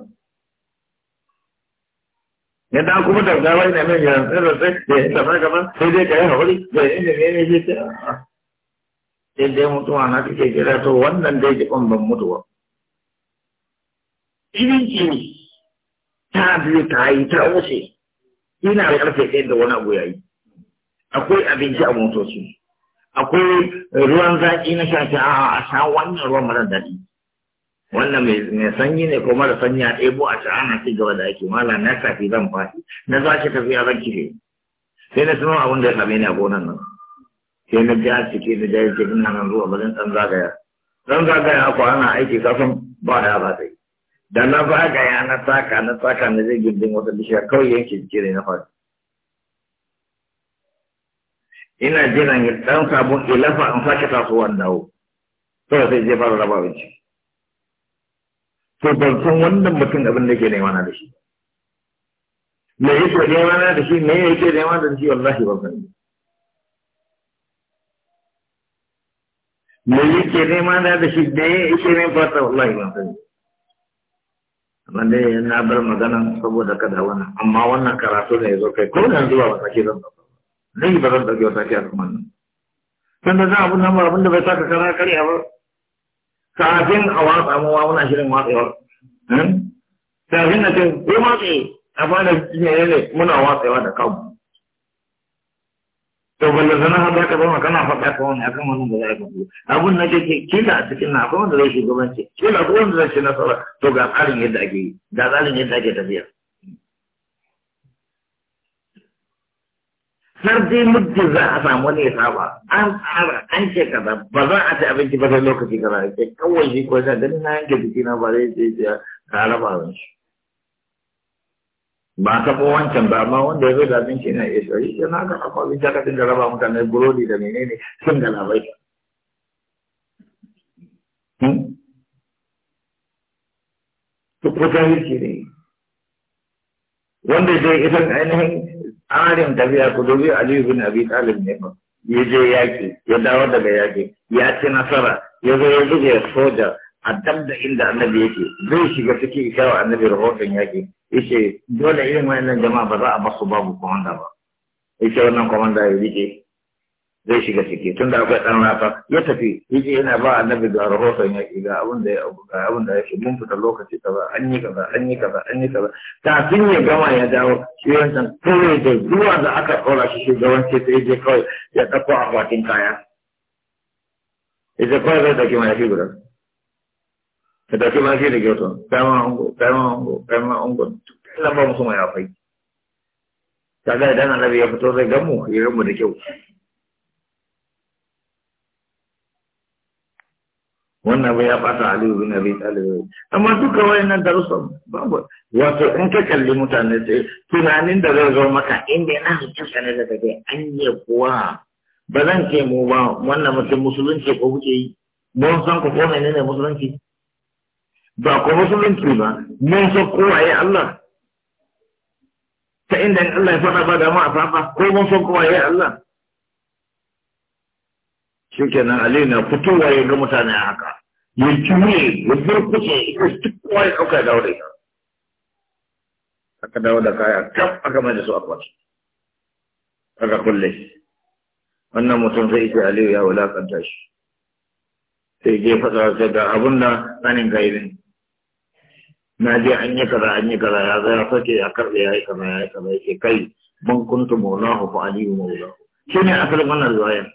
Speaker 1: yadda da kuma da wai na mai yaran tsirra sai da ya tafa gaba sai dai ka yi hauri da ya inda ne ne shi ce sai dai mutuwa na kake kira to wannan dai jikon ban mutuwa Irinci ne, ta biyu ta yi ta wuce, ina da ƙarfe ɗaya da wani abu ya yi. Akwai abinci a motoci, akwai ruwan zaƙi na shafi a sha wannan ruwan mara daɗi. wannan mai sanyi ne ko mara sanyi a ɗebo a ta ana ci gaba da ake mala na shafi zan faɗi na za ki tafiya zan kife sai na tuno abin da ya same ni a gonan nan sai na ji a ciki da jayi ce ina nan zuwa ba ɗan zagaya Ɗan zagaya ko ana aiki kafin ba da ba sai da na bagaya na taka na taka na zai gindin wata bishiya kawai yankin kire na faru ina jiran ya dan sabon ilafa in sake tasowar dawo to sai je fara raba abinci to ban san wannan mutum abin da ke nema na da shi me yake nema na da shi me yake nema da shi wallahi ban sani me yake nema na da shi me yake nema fata wallahi ban sani wanda ya na bar magana saboda kada wannan amma wannan karatu ne zo kai ko da zuwa ba sake zan ba. zai ba zan dauke wata ke akan wannan san da za abun nan abun da bai saka kana karya ba kafin a watsa mu muna shirin watsewa hmm? kafin na ce ko matse a bana ne ne muna watsewa da kawo
Speaker 2: to balla sana ha
Speaker 1: zaka zama kana faɗa ka wani akan wannan da za ka yi abun na kake kila cikin na akwai wanda zai shugabanci kila akwai wanda zai ci nasara to ga tsarin yadda ake yi ga tsarin yadda ake tafiya har dai muddin za a samu wani ya saba an tsara an ce kaza ba za a ci abinci ba sai lokaci kaza ce kawai shi ko sa ganin na yanke jiki na ba zai je ce ka raba abinci
Speaker 2: ba ka bo wancan
Speaker 1: ba amma wanda ya zai da abinci na iya shari ya na ga kafa abinci aka dinga raba mutane burodi da menene sun da labai hmm? to ko jahilci ne wanda zai isan ainihin tsarin tafiya ku dubi Aliyu bin Abi Talib ne ba ya je yaƙi ya dawo daga yaƙi ya ci nasara ya zo ya buge soja a dab da inda annabi yake zai shiga ciki ita wa annabi rahoton yaki yace dole irin wannan jama'a ba za a basu babu komanda ba yace wannan komanda ya rike zai shiga ciki tun da akwai ɗan rafa ya tafi yace yana ba annabi da rahoton yaƙi ga abin da ya ga abin da yake mun fita lokaci kaza an yi kaza an yi kaza an yi kaza kafin ya gama ya dawo shi wancan kawai da zuwa da aka ɗora shi shugabanci sai je kawai ya ɗauko akwatin kaya Ita kawai zai ɗauki mai shi gudan ka tafi ma shi da kyautu kai ma ango kai ma ango kai ma ango Allah ba musu mai afai kaga idan annabi ya fito zai gamu ya gamu da kyau wannan bai ya fata Ali bin Abi Talib amma duka wayannan darussan babu wato in ka kalli mutane sai tunanin da zai zo maka inda yana hakika ne da kake ba zan ke mu ba wannan mutum musulunci ko kuke yi mun san ku ko menene musulunci ba ko musulunci ba mun san kowaye Allah ta inda Allah ya faɗa ba da mu a fafa ko mun san kowaye Allah shi kenan Ali na fitowa ya ga mutane haka ya kiwe ya burkuce ya duk kowa ya ɗauka dawo da ita aka dawo da kaya kaf aka mai da su akwati aka kulle wannan mutum sai ce Aliyu ya wulakanta shi sai je faɗa sai ga abin da tsanin gaibin na je an yi kaza an yi kaza ya zai sake ya karɓe ya yi kaza ya yi kaza ya ke kai man kuntu maulahu fa aliyu maulahu shi ne asalin wannan riwayar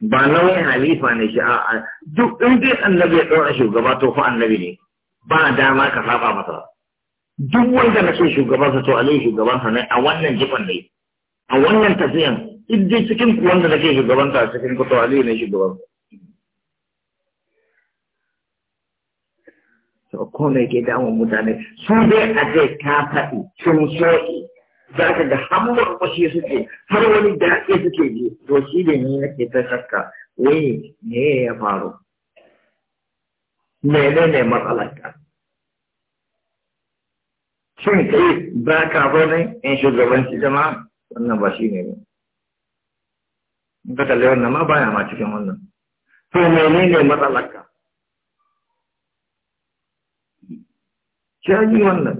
Speaker 1: ba nauyin halifa ne shi a duk in dai annabi ya ɗora shugaba to fa annabi ne ba dama ka saba masa duk wanda na shugaba shugabansa to aliyu shugabansa ne a wannan jifan ne a wannan tafiyan idan dai cikin ku wanda nake shugabanta a cikin ku to aliyu ne shugabansa so ko me ke damun mutane sun dai a zai ta faɗi sun soke za ka ga hammar su suke har wani daɗe suke ji to shi da ni nake ta shakka wai ne ya faru menene matsalarka shin kai ba ka zo ne in shugabanci jama wannan ba shi ne ba in ka kalli ma baya ma cikin wannan to menene matsalarka shaji wannan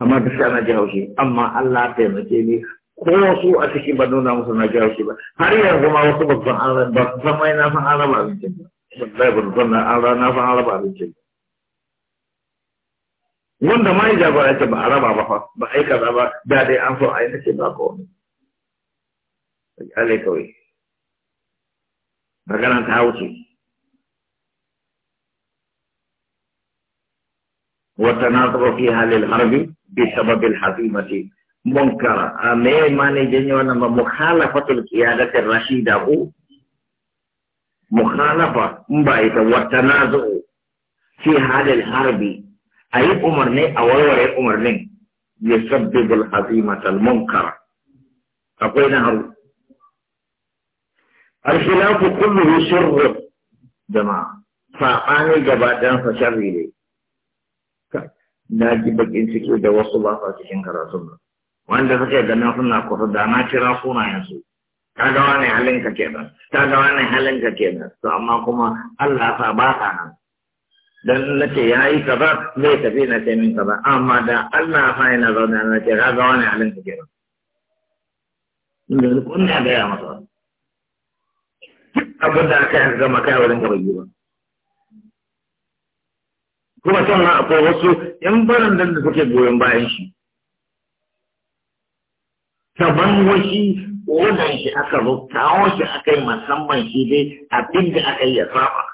Speaker 1: amma gaskiya na ji haushi amma Allah taimake ni ko su a cikin ba nuna musu na ji haushi ba har yanzu ma wasu babban Allah ba su san mai na san Allah ba abincin ba wallahi ba san Allah na san Allah ba abincin ba
Speaker 2: wanda ma ya ba ya ce ba araba ba fa
Speaker 1: ba ai kaza ba da dai an so a ai nace ba ko Allah kawai magana ta hauce وتناظر فيها للغرب بسبب الحزيمة منكرة ما معنى جنيو أنما مخالفة القيادة الرشيدة هو مخالفة مبايتة والتنازع في هذا الحرب أي أمرني أو أي أمرني يسبب الهزيمة المنكرة أقولنا هل الخلاف كله شر جماعة فأعني جبادان فشر إليه na ji bakin ciki da wasu ba sa cikin karatun ba wanda suke ganin suna kusa da na kira su ta ga wani halin ka kenan ta ga wani halin ka kenan to amma kuma Allah sa ba sa nan dan na ce ya yi kaza zai tafi na ce min kaza amma da Allah ya sa yana zaune na ce ka ga wani halin ka kenan inda kun ne ga ya masa abin da aka yi gama kai wurin ka bai yi ba kuma sannan akwai wasu yan baran da suke goyon bayan shi taban washi wadan shi aka rubuta shi aka yi musamman shi dai abin da aka yi ya saba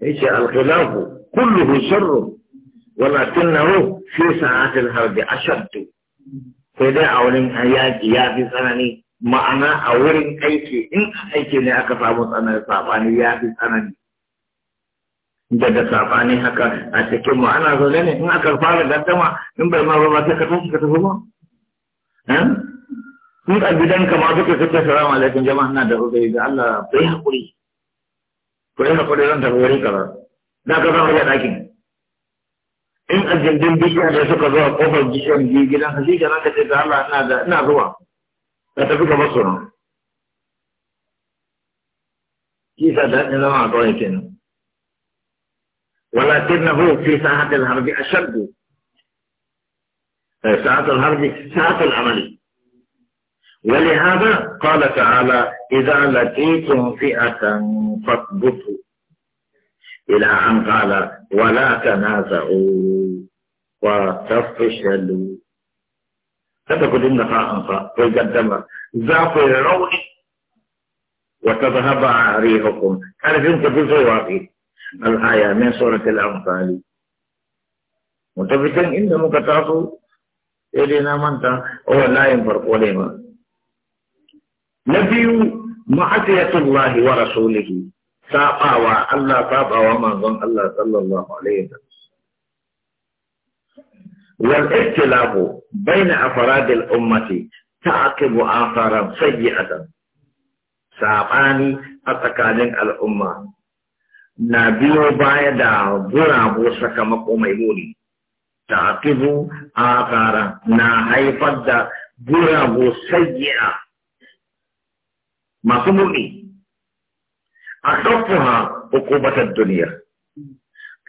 Speaker 1: yace al-khilafu sharru wala walakinahu fi sa'atil harbi ashaddu sai dai a wurin yaƙi ya fi tsanani ma'ana a wurin aiki in aiki ne aka samu tsanani sabani ya fi tsanani daga sabani haka a cikin mu ana zaune ne in aka fara gaddama in bai ma ba sai ka tashi ka tafi ma eh? in a gidanka ma duka suka salamu alaikum jama'a na da uzuri da Allah bai haƙuri ko yi haƙuri zan tafi wuri kaza za ka zama ya ɗakin in a gindin bishiya da suka zuwa, kofar ƙofar bishiyar gidan ka shi ka ce da Allah ina zuwa kisa ولكنه في ساعة الحرب أشد ساعة الحرب ساعة العمل ولهذا قال تعالى إذا لقيتم فئة فاثبتوا إلى أن قال ولا تنازعوا وتفشلوا kada ku dinga sa'ansa kai gaddama za ku yi rauni wa tazhaba rihukum karfin ku fi zuwa fi al-aya min suratul anfal mutafikan inda muka taso sai dai na manta o layin farko ne ma na biyu ma'asiyatullahi wa rasulihi sabawa Allah sabawa manzon Allah sallallahu alaihi wasallam والاختلاف بين أفراد الأمة تعقب آثارا سيئة saɓani a tsakanin al'umma na biyo baya da gurabu sakamako mai muni ta akibu a kara na haifar da gurabu sayya masu muni a kafuwa hukubatar duniya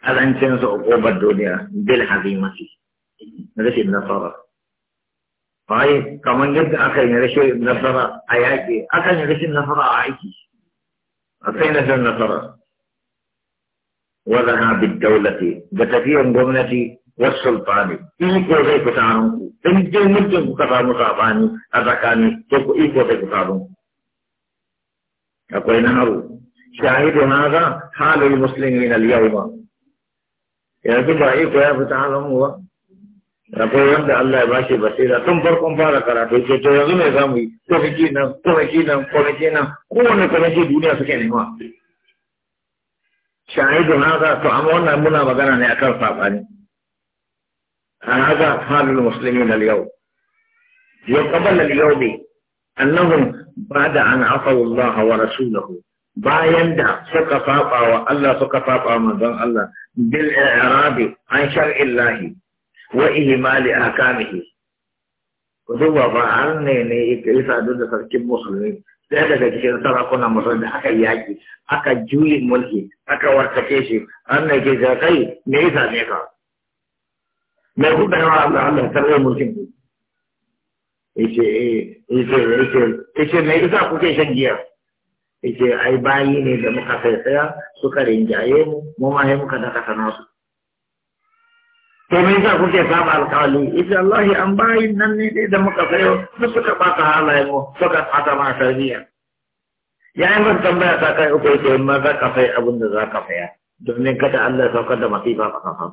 Speaker 1: ƙarancinsa hukubar duniya bil hazimati نرشي بنصارى فهي كمان جد أخي نرشي بنصارى أياكي أخي نرشي بنصارى أعيكي أخي نرشي بنصارى ولها بالدولة بتفير جملة والسلطان إيه كل غير كتانوك إن جل مجل كتان مصافاني هذا كان إيه كل غير كتانوك أقول نهارو شاهد هذا حال المسلمين اليوم
Speaker 2: يا جماعة إيه كل
Speaker 1: غير كتانوك
Speaker 2: akwai wanda
Speaker 1: Allah ya bashi basira tun farkon fara karatu ke to yanzu mai zamu yi kwanaki nan kwanaki nan kwanaki nan kowane kwanaki duniya suke nema shahidun haka to amma wannan muna magana ne akan sabani هذا حال المسلمين اليوم يقبل اليوم أنهم an afa Allah wa rasuluhu bayan da suka saba wa Allah suka saba manzon Allah bil i'rabi an shar'illahi wa ihmali ahkamihi ku duba ba har ne ne ya sadu da sarkin musulmi Sai daga cikin sarakunan musulmi aka yaƙi aka juyi mulki aka wartake shi an ne ke ga kai me ya same ka me kuka yawa Allah Allah sarrai mulkin ku yace eh, yace yace yace me yasa kuke shan giya yace ai bayi ne da muka sai tsaya suka rinjaye mu mu ma yi muka daga sana su to me yasa kuke saba alƙali ita Allah an bayin nan ne dai da muka sayo su suka baka halaye mu suka fata ma tarbiyya yayin ban tambaya ta kai uku yake ma za ka sai abin da za ka saya domin kada Allah ya saukar da masifa a kafa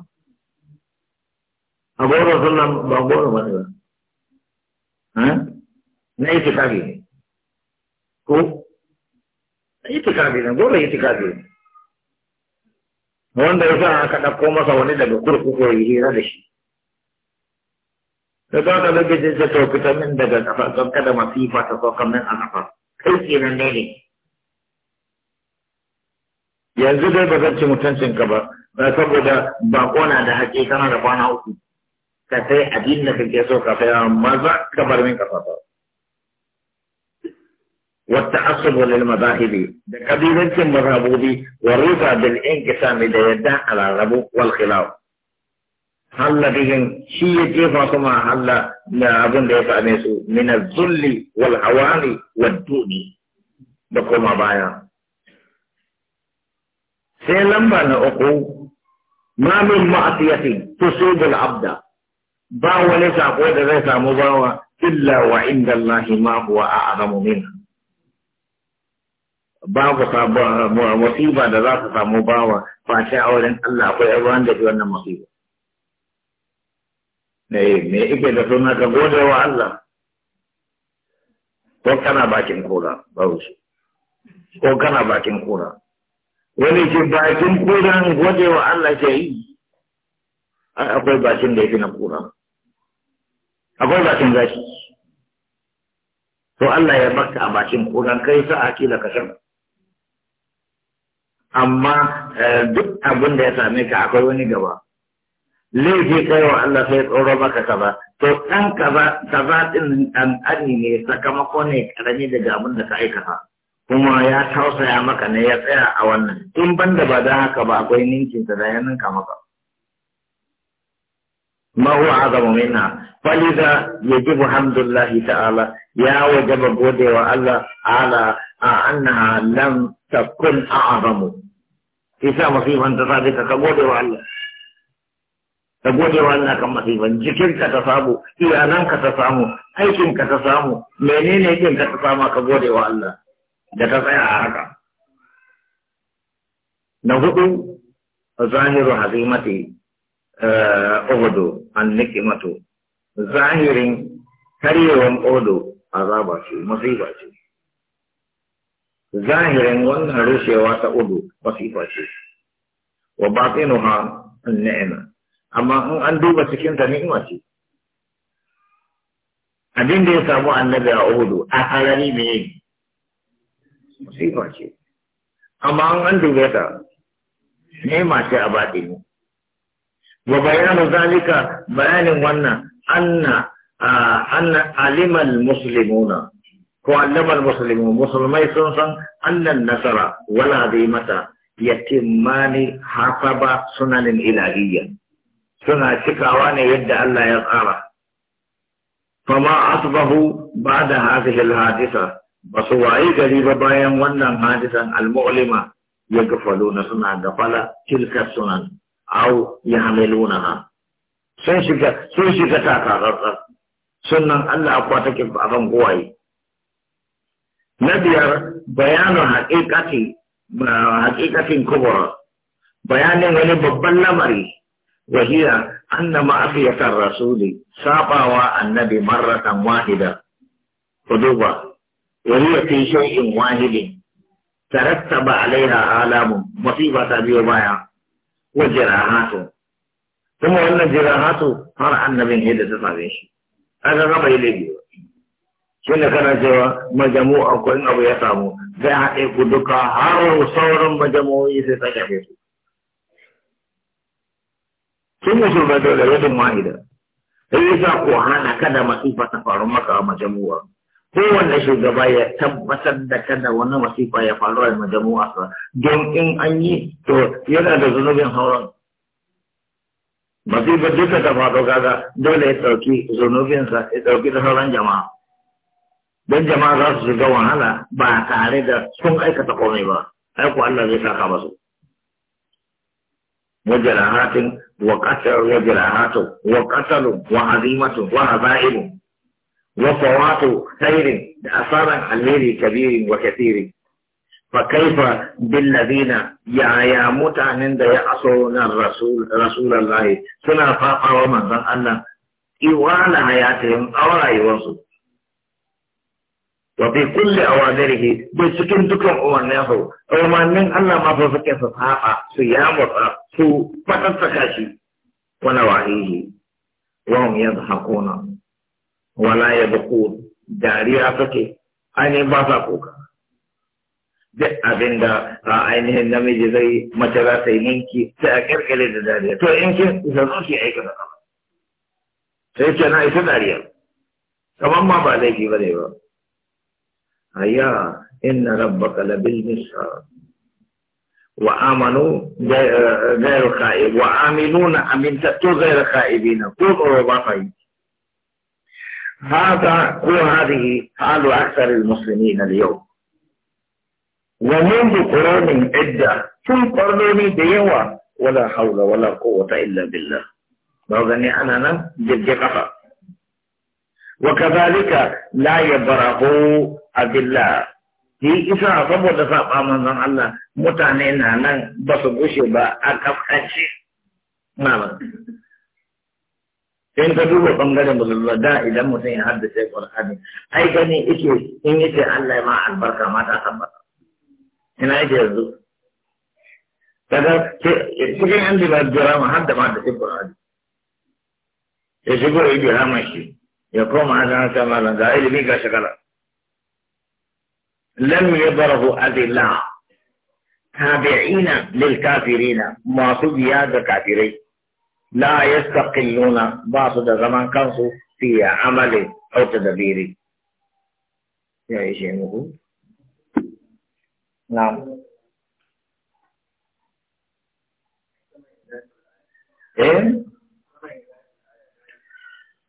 Speaker 1: a goro sallan ba goro ba ne ba na itikafi ne ko itikafi ne goro itikafi ne wanda ya sa aka ɗauko masa wani daga kurkuku ya yi hira da shi da zaka ka lokacin ce to fita min daga ƙafa don kada masifa ta sauka min a ƙafa. kai kenan ne ne yanzu dai ba zan ci mutuncin ka ba saboda bako na da haƙe kana da kwana uku ka sai abin da kake so ka sai za ka bar min kafa ba والتعصب للمذاهب بقبيلة مذهبوبي والرضا بالانقسام ديدا على الربو والخلاف هل بهم شيء كيف ما هل لا أظن ليس أنسو من الذل والعوان والدون بكما بايا بنا نأقو ما من معصية تصيب العبد باو ليس أقول ليس مباوى إلا وعند الله ما هو أعظم منها babu musiba da za ta samu bawa face auren Allah akwai ruwan da wannan musiba. Me me ike da suna ka gode wa Allah ko kana bakin kura babu shi ko kana bakin kura wani ce bakin kuran gode wa Allah ke yi akwai bakin da ya fi na kura akwai bakin zaki to Allah ya baka a bakin kura kai sa akila ka shan amma eh, duk abin da ya same ka akwai wani gaba laifi kai wa Allah sai tsoro maka kaza to dan kaza ta din dan an ne sakamako ne karami daga abin da ka aikata kuma ya tausaya maka ne ya tsaya a wannan in ban da ba za haka ba akwai ninkin da ya ninka maka ما هو عظم منها فلذا يجب حمد الله تعالى يا وجب بودي والله على أنها لم تكن أعظم إذا ما في من تصابك كبودي والله تبودي والله كما في من جكل كتصابه إيه أنا كتصامه أي كم كتصامه منين أي كم كتصامه كبودي والله جتصايا هذا نهضو ظاهر حظيمتي Eh, odo an nikimatu zahirin karyewan odo azaba ce masifa ce zahirin wannan rushewa ta odo masifa ce wa batinuha an ni'ima amma in an duba cikin ta ni'ima ce abin da ya samu annabi a odo a harari me
Speaker 2: masifa ce
Speaker 1: amma in an duba ta ni'ima ce a batini
Speaker 2: Ba bayanu
Speaker 1: zalika bayanin wannan anna anna alimal ko allamal muslimun musulmai sun san annan nasara wala dai mata yatimmani hasaba sunanin ilahiyya suna cikawa ne yadda Allah ya tsara fama asbahu ba'da hadhihi hadisa, basu wayi gari ba bayan wannan hadisan almu'lima ya gafalo na suna gafala tilka sunan aw yahmilunaha sun shiga sun shiga takarar sunan Allah akwa take ba ban goyi na biyar bayanu haqiqati haqiqatin kubra bayanin wani babban lamari wahiya anna ma'afiyata rasuli saɓawa annabi marratan wahida kuduba wahiya fi wahidi wahidin tarattaba alaiha alamun musiba ta biyo baya wa jirahatu kuma wannan jirahatu har annabin yadda ta same shi an ga bai laifi ba shi ne kana cewa majamu akwai abu ya samu zai haɗe ku duka har sauran majamu'i sai ta shafe su sun musulmai dole yadda ma'ida sai ya sa ko hana kada masu fata faru maka a majamu'a kowanne shugaba ya tabbatar da kada wani masifa ya faru a majamu'arsa don in an yi to yana da zunubin hauron masifar duka ta faru kaga dole ya ɗauki zunubinsa ya ɗauki da sauran jama'a don jama'a za su shiga wahala ba tare da sun aikata komai ba aiku Allah zai saka masu hatin wa wajen hatin wa ƙasar wa azimatun wa hazaimun وفوات خير أثارا الليل كبير وكثير فكيف بالذين يا يا متعنين دا يعصون الرسول رسول الله سنة فاقا ومن ذن أن إيوان حياتهم أو رأيوانسو وفي كل أوامره بسكن تكون أمانيه أمانين أن ما فسكن سفاقا سيامة سو فتن فكاشي ونواهيه وهم يضحكون wala ya buku dariya suke ainihin ba sa kuka duk abin da a ainihin namiji zai mace za ta yi ninki sai a kirkire da dariya to in kin zan ki aika da sai ke na isa dariya kamar ma ba laifi ba ne ba ayya inna rabbaka labil misal وآمنوا غير خائب وآمنون أمنتم ko tsoro ba fahimta. هذا هو هذه حال أكثر المسلمين اليوم ومنذ قرون عدة ثم قرنوني ديوة ولا حول ولا قوة إلا بالله بغني أنا أنا جد وكذلك لا يبرأ أدلاء shi isa saboda saba manzon Allah mutane na nan ba su gushe ba a kafkace malam in ka duba bangaren musulma da idan mutum ya haddace qur'ani ai gani yake in yace Allah ma albarka ma ta tabbata ina yake yanzu daga cikin yan da jira ma har da ma da qur'ani ya shigo ya jira ma shi ya koma ana ta malan da ilimi ga shagala lam yadrahu adilla tabi'ina lil kafirina masu biya ga kafirai لا يستقلون بعض زمان كانوا في عمل أو تدبيري يا يقول يعني نعم إيه؟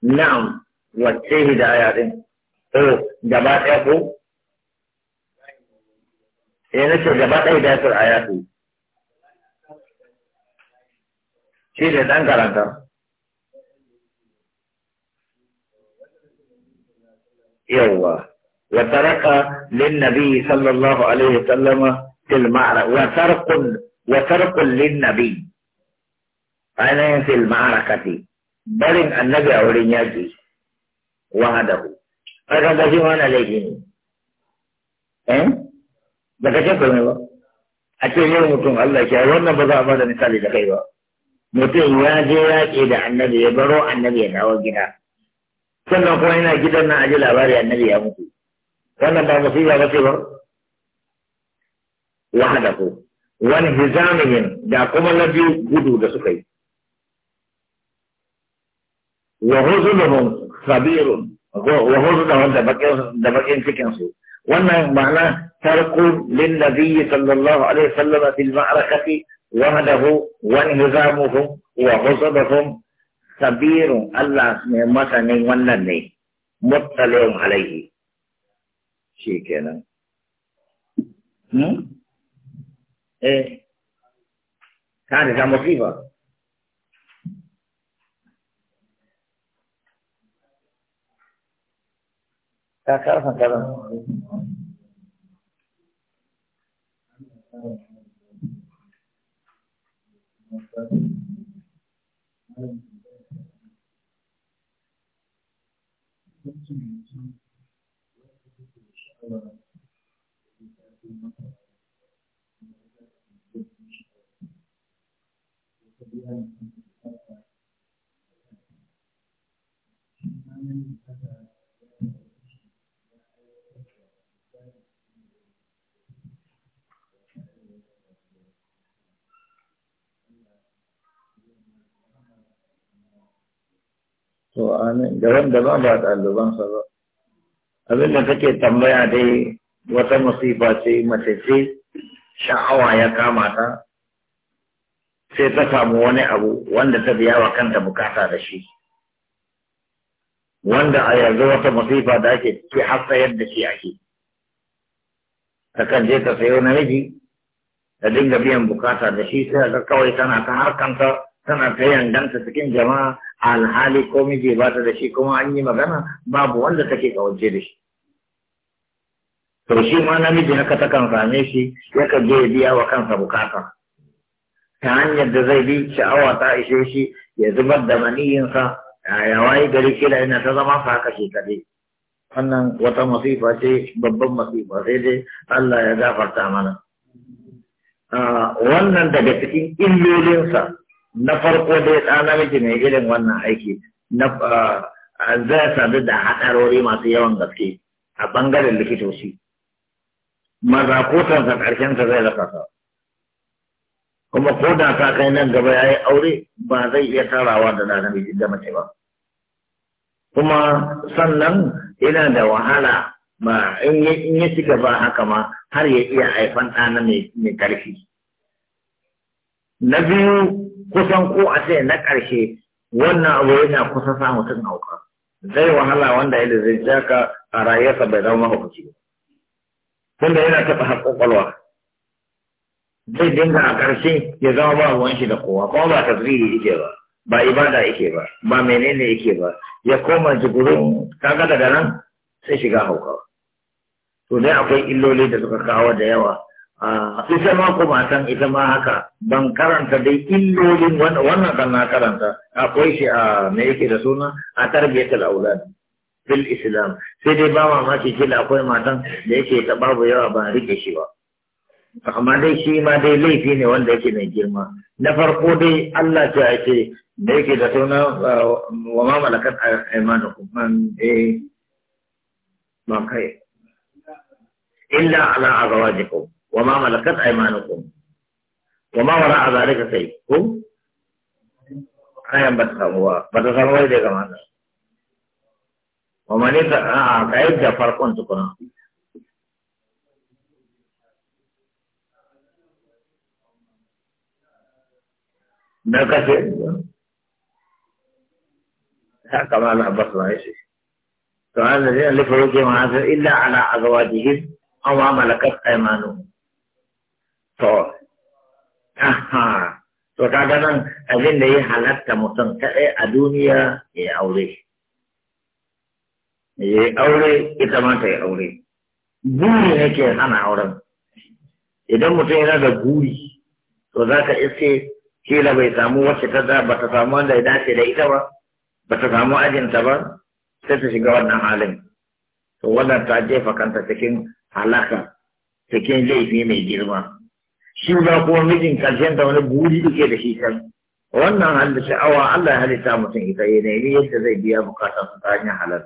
Speaker 1: نعم وجه هدايات أو جبات أبو إيه يعني نشوف جبات هدايات الآيات إيه ده وترك للنبي صلى الله عليه وسلم في المعركة وترك وترك للنبي أنا في المعركة بل النبي أو يجي وهذا أنا ده أنا ليه إيه؟ ده كيف يقول الله؟ أتى يوم الله شاء هذا بذا بذا نسالي ده كيف mutum ya je yaƙi da annabi ya baro annabi ya dawo gida sannan kuma yana gidan nan aji labari annabi ya mutu wannan ba musiba ba ce ba wahada ko wani hizamihin da kuma na biyu gudu da suka yi wa huzunuhum sabirun wa da bakin cikinsu wannan ma'ana tarku lin nabiyyi sallallahu alaihi wasallam fil ma'arakati وحده وانهزامهم وغصبهم خبير الله مثلا ونني مطلع عليه شيء كده
Speaker 2: ايه كانت
Speaker 1: مصيبه ka karfan karfan to amin daban daban ba ɗalibansa sa ba abin da take tambaya dai wata masifa ce mace ce sha'awa ya kama ta sai ta samu wani abu wanda ta biya wa kanta bukata da shi wanda a yanzu wata masifa da ake ciki har tsayar da shi ake ta kan je ta sayo namiji ta dinga biyan bukata da shi sai ga kawai tana ta harkanta tana ta yanganta cikin jama'a alhali komai miji ba ta da shi kuma an yi magana babu wanda take kawance da shi
Speaker 2: to shi ma namiji haka
Speaker 1: ta kan same shi yakan je ya biya wa kansa bukata
Speaker 2: ta hanyar da zai
Speaker 1: bi sha'awa ta ishe shi ya zubar da maniyinsa ya wayi gari kila ina ta zama sa haka shi kaɗai wannan wata masifa ce babban masifa sai dai Allah ya gafarta mana ah, wannan daga cikin illolinsa na farko dai ɗa miki mai irin wannan aiki na zai sadu da haɗarori masu yawan gaske a ɓangaren likitoci ƙarshen ta zai lafasa kuma ko da ta kai nan gaba ya yi aure ba zai iya tarawa da ɗa namiji da mace ba kuma sannan ina da wahala ba in ya ci gaba haka ma har ya iya haifan ɗana mai ƙarfi. Na biyu kusan ko a ce na ƙarshe wannan abu yana kusa sa mutum hauka zai wahala wanda ya zai jaka a rayuwarsa bai zama mahaukaci tunda yana taɓa ƙwalwa zai dinga a ƙarshe ya zama ba ruwan shi da kowa kuma ba tasiri yake ba ba ibada yake ba ba menene yake ba ya koma jigurin kaga daga nan sai shiga hauka to dai akwai illoli da suka kawo da yawa Ah, ita ma kuma san ita ma haka ban karanta dai illolin wannan kan na karanta akwai shi a me yake da suna a tarbiyatul aulad fil islam sai dai ba mamaki kila akwai matan da yake ta babu yawa ba rike shi ba amma dai shi ma dai laifi ne wanda yake mai girma na farko dai Allah ta yake da yake da suna ah, wa ma malakat aymanukum man eh ba kai illa ala azwajikum وما ملكت أيمانكم وما وراء ذلك شيء هم أيام بتسموا بتسموا إذا كمان
Speaker 2: ومن آه, آه، كيف جفر كنت كنا نكسر
Speaker 1: كما نعبصنا إيش فهذا الذين لفروجهم هذا إلا على أزواجهم أو ما ملكت أيمانهم to aha to kaga nan abin da ya halatta mutum kaɗai a duniya ya aure ya aure ita ma ta yi aure buri ne ke hana auren idan mutum yana da buri to za ka iske kila bai samu wacce ta za ba ta samu wanda ya dace da ita ba ba ta samu ajinta ba sai ta shiga wannan halin to wannan ta jefa kanta cikin halaka cikin laifi mai girma shi ba kuma mijin karshen da wani guri duke da shi kan wannan halin sha'awa Allah ya halitta mutum ita ya nemi yadda zai biya bukatar su ta hanyar halal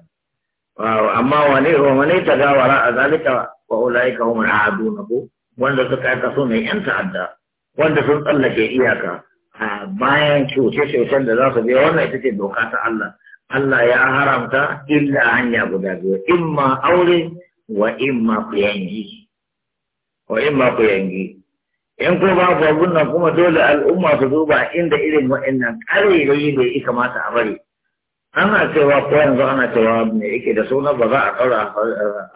Speaker 1: amma wane ne ta gawara a zalika wa ulaika hum al na ko wanda suka yi kaso mai yan ta'adda wanda sun tsallake iyaka a bayan cuce-cucen da za su biya wannan ita ce doka ta Allah Allah ya haramta illa hanya guda biyu imma aure wa imma ku wa imma ku in ko babu abun nan kuma dole al'umma su duba inda irin wa'annan ƙarairayi da ya kamata a bari ana cewa ko yanzu ana cewa me yake da suna ba za a ɗaura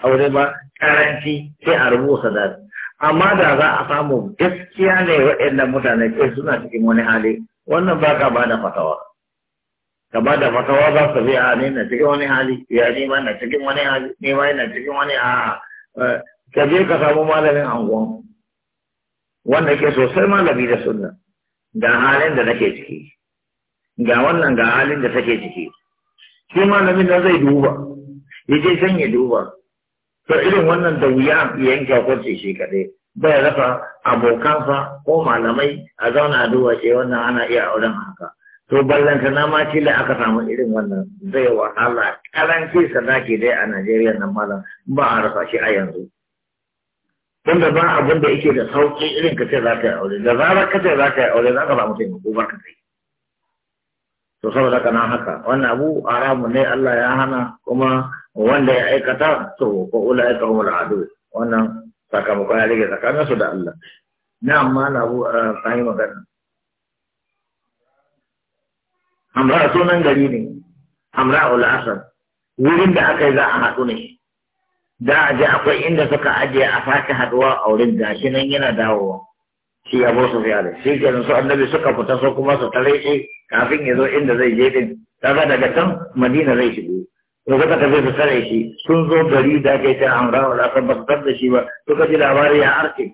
Speaker 1: aure ba karanci sai a rubuta da amma da za a samu gaskiya ne wa'annan mutane ke suna cikin wani hali wannan ba ka bada fatawa ka bada fatawa za su biya ne na cikin wani hali ya ne ma na cikin wani hali ne ma na cikin wani a ka je ka samu malamin anguwan Wannan ke sosai malami da sunna ga halin da nake ciki ga wannan ga halin da take ciki shi malamin da zai duba ya je ya duba to irin wannan da wuya ya yanke hukunci shi kaɗai bai rasa abokansa ko malamai a zauna a duba ce wannan ana iya auren haka to ballanta na ma kila aka samu irin wannan zai wahala karanci sadaki dai a Najeriya nan malam ba a rasa shi a yanzu tunda ba abin da yake da sauki irin ka ce za ka yi aure da zarar ka ce za ka yi aure za ka samu taimako ba ka kai to saboda kana haka wannan abu haramu ne Allah ya hana kuma wanda ya aikata to ko ula ya kawo adu wannan sakamakon ya rage tsakanin su da Allah na amma na abu eh, a sahi magana amra sunan gari ne amra ul asar wurin da aka yi za a haɗu ne da a je akwai inda suka ajiye a sake haduwa a wurin gashi nan yana dawowa shi ya su fiye shi kenan su annabi suka fita su kuma su tare shi kafin ya zo inda zai je din daga daga can madina zai shigo to suka tafi su tare shi sun zo gari da ke ta amra wala san ba su da shi ba suka ji labari ya arke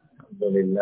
Speaker 2: la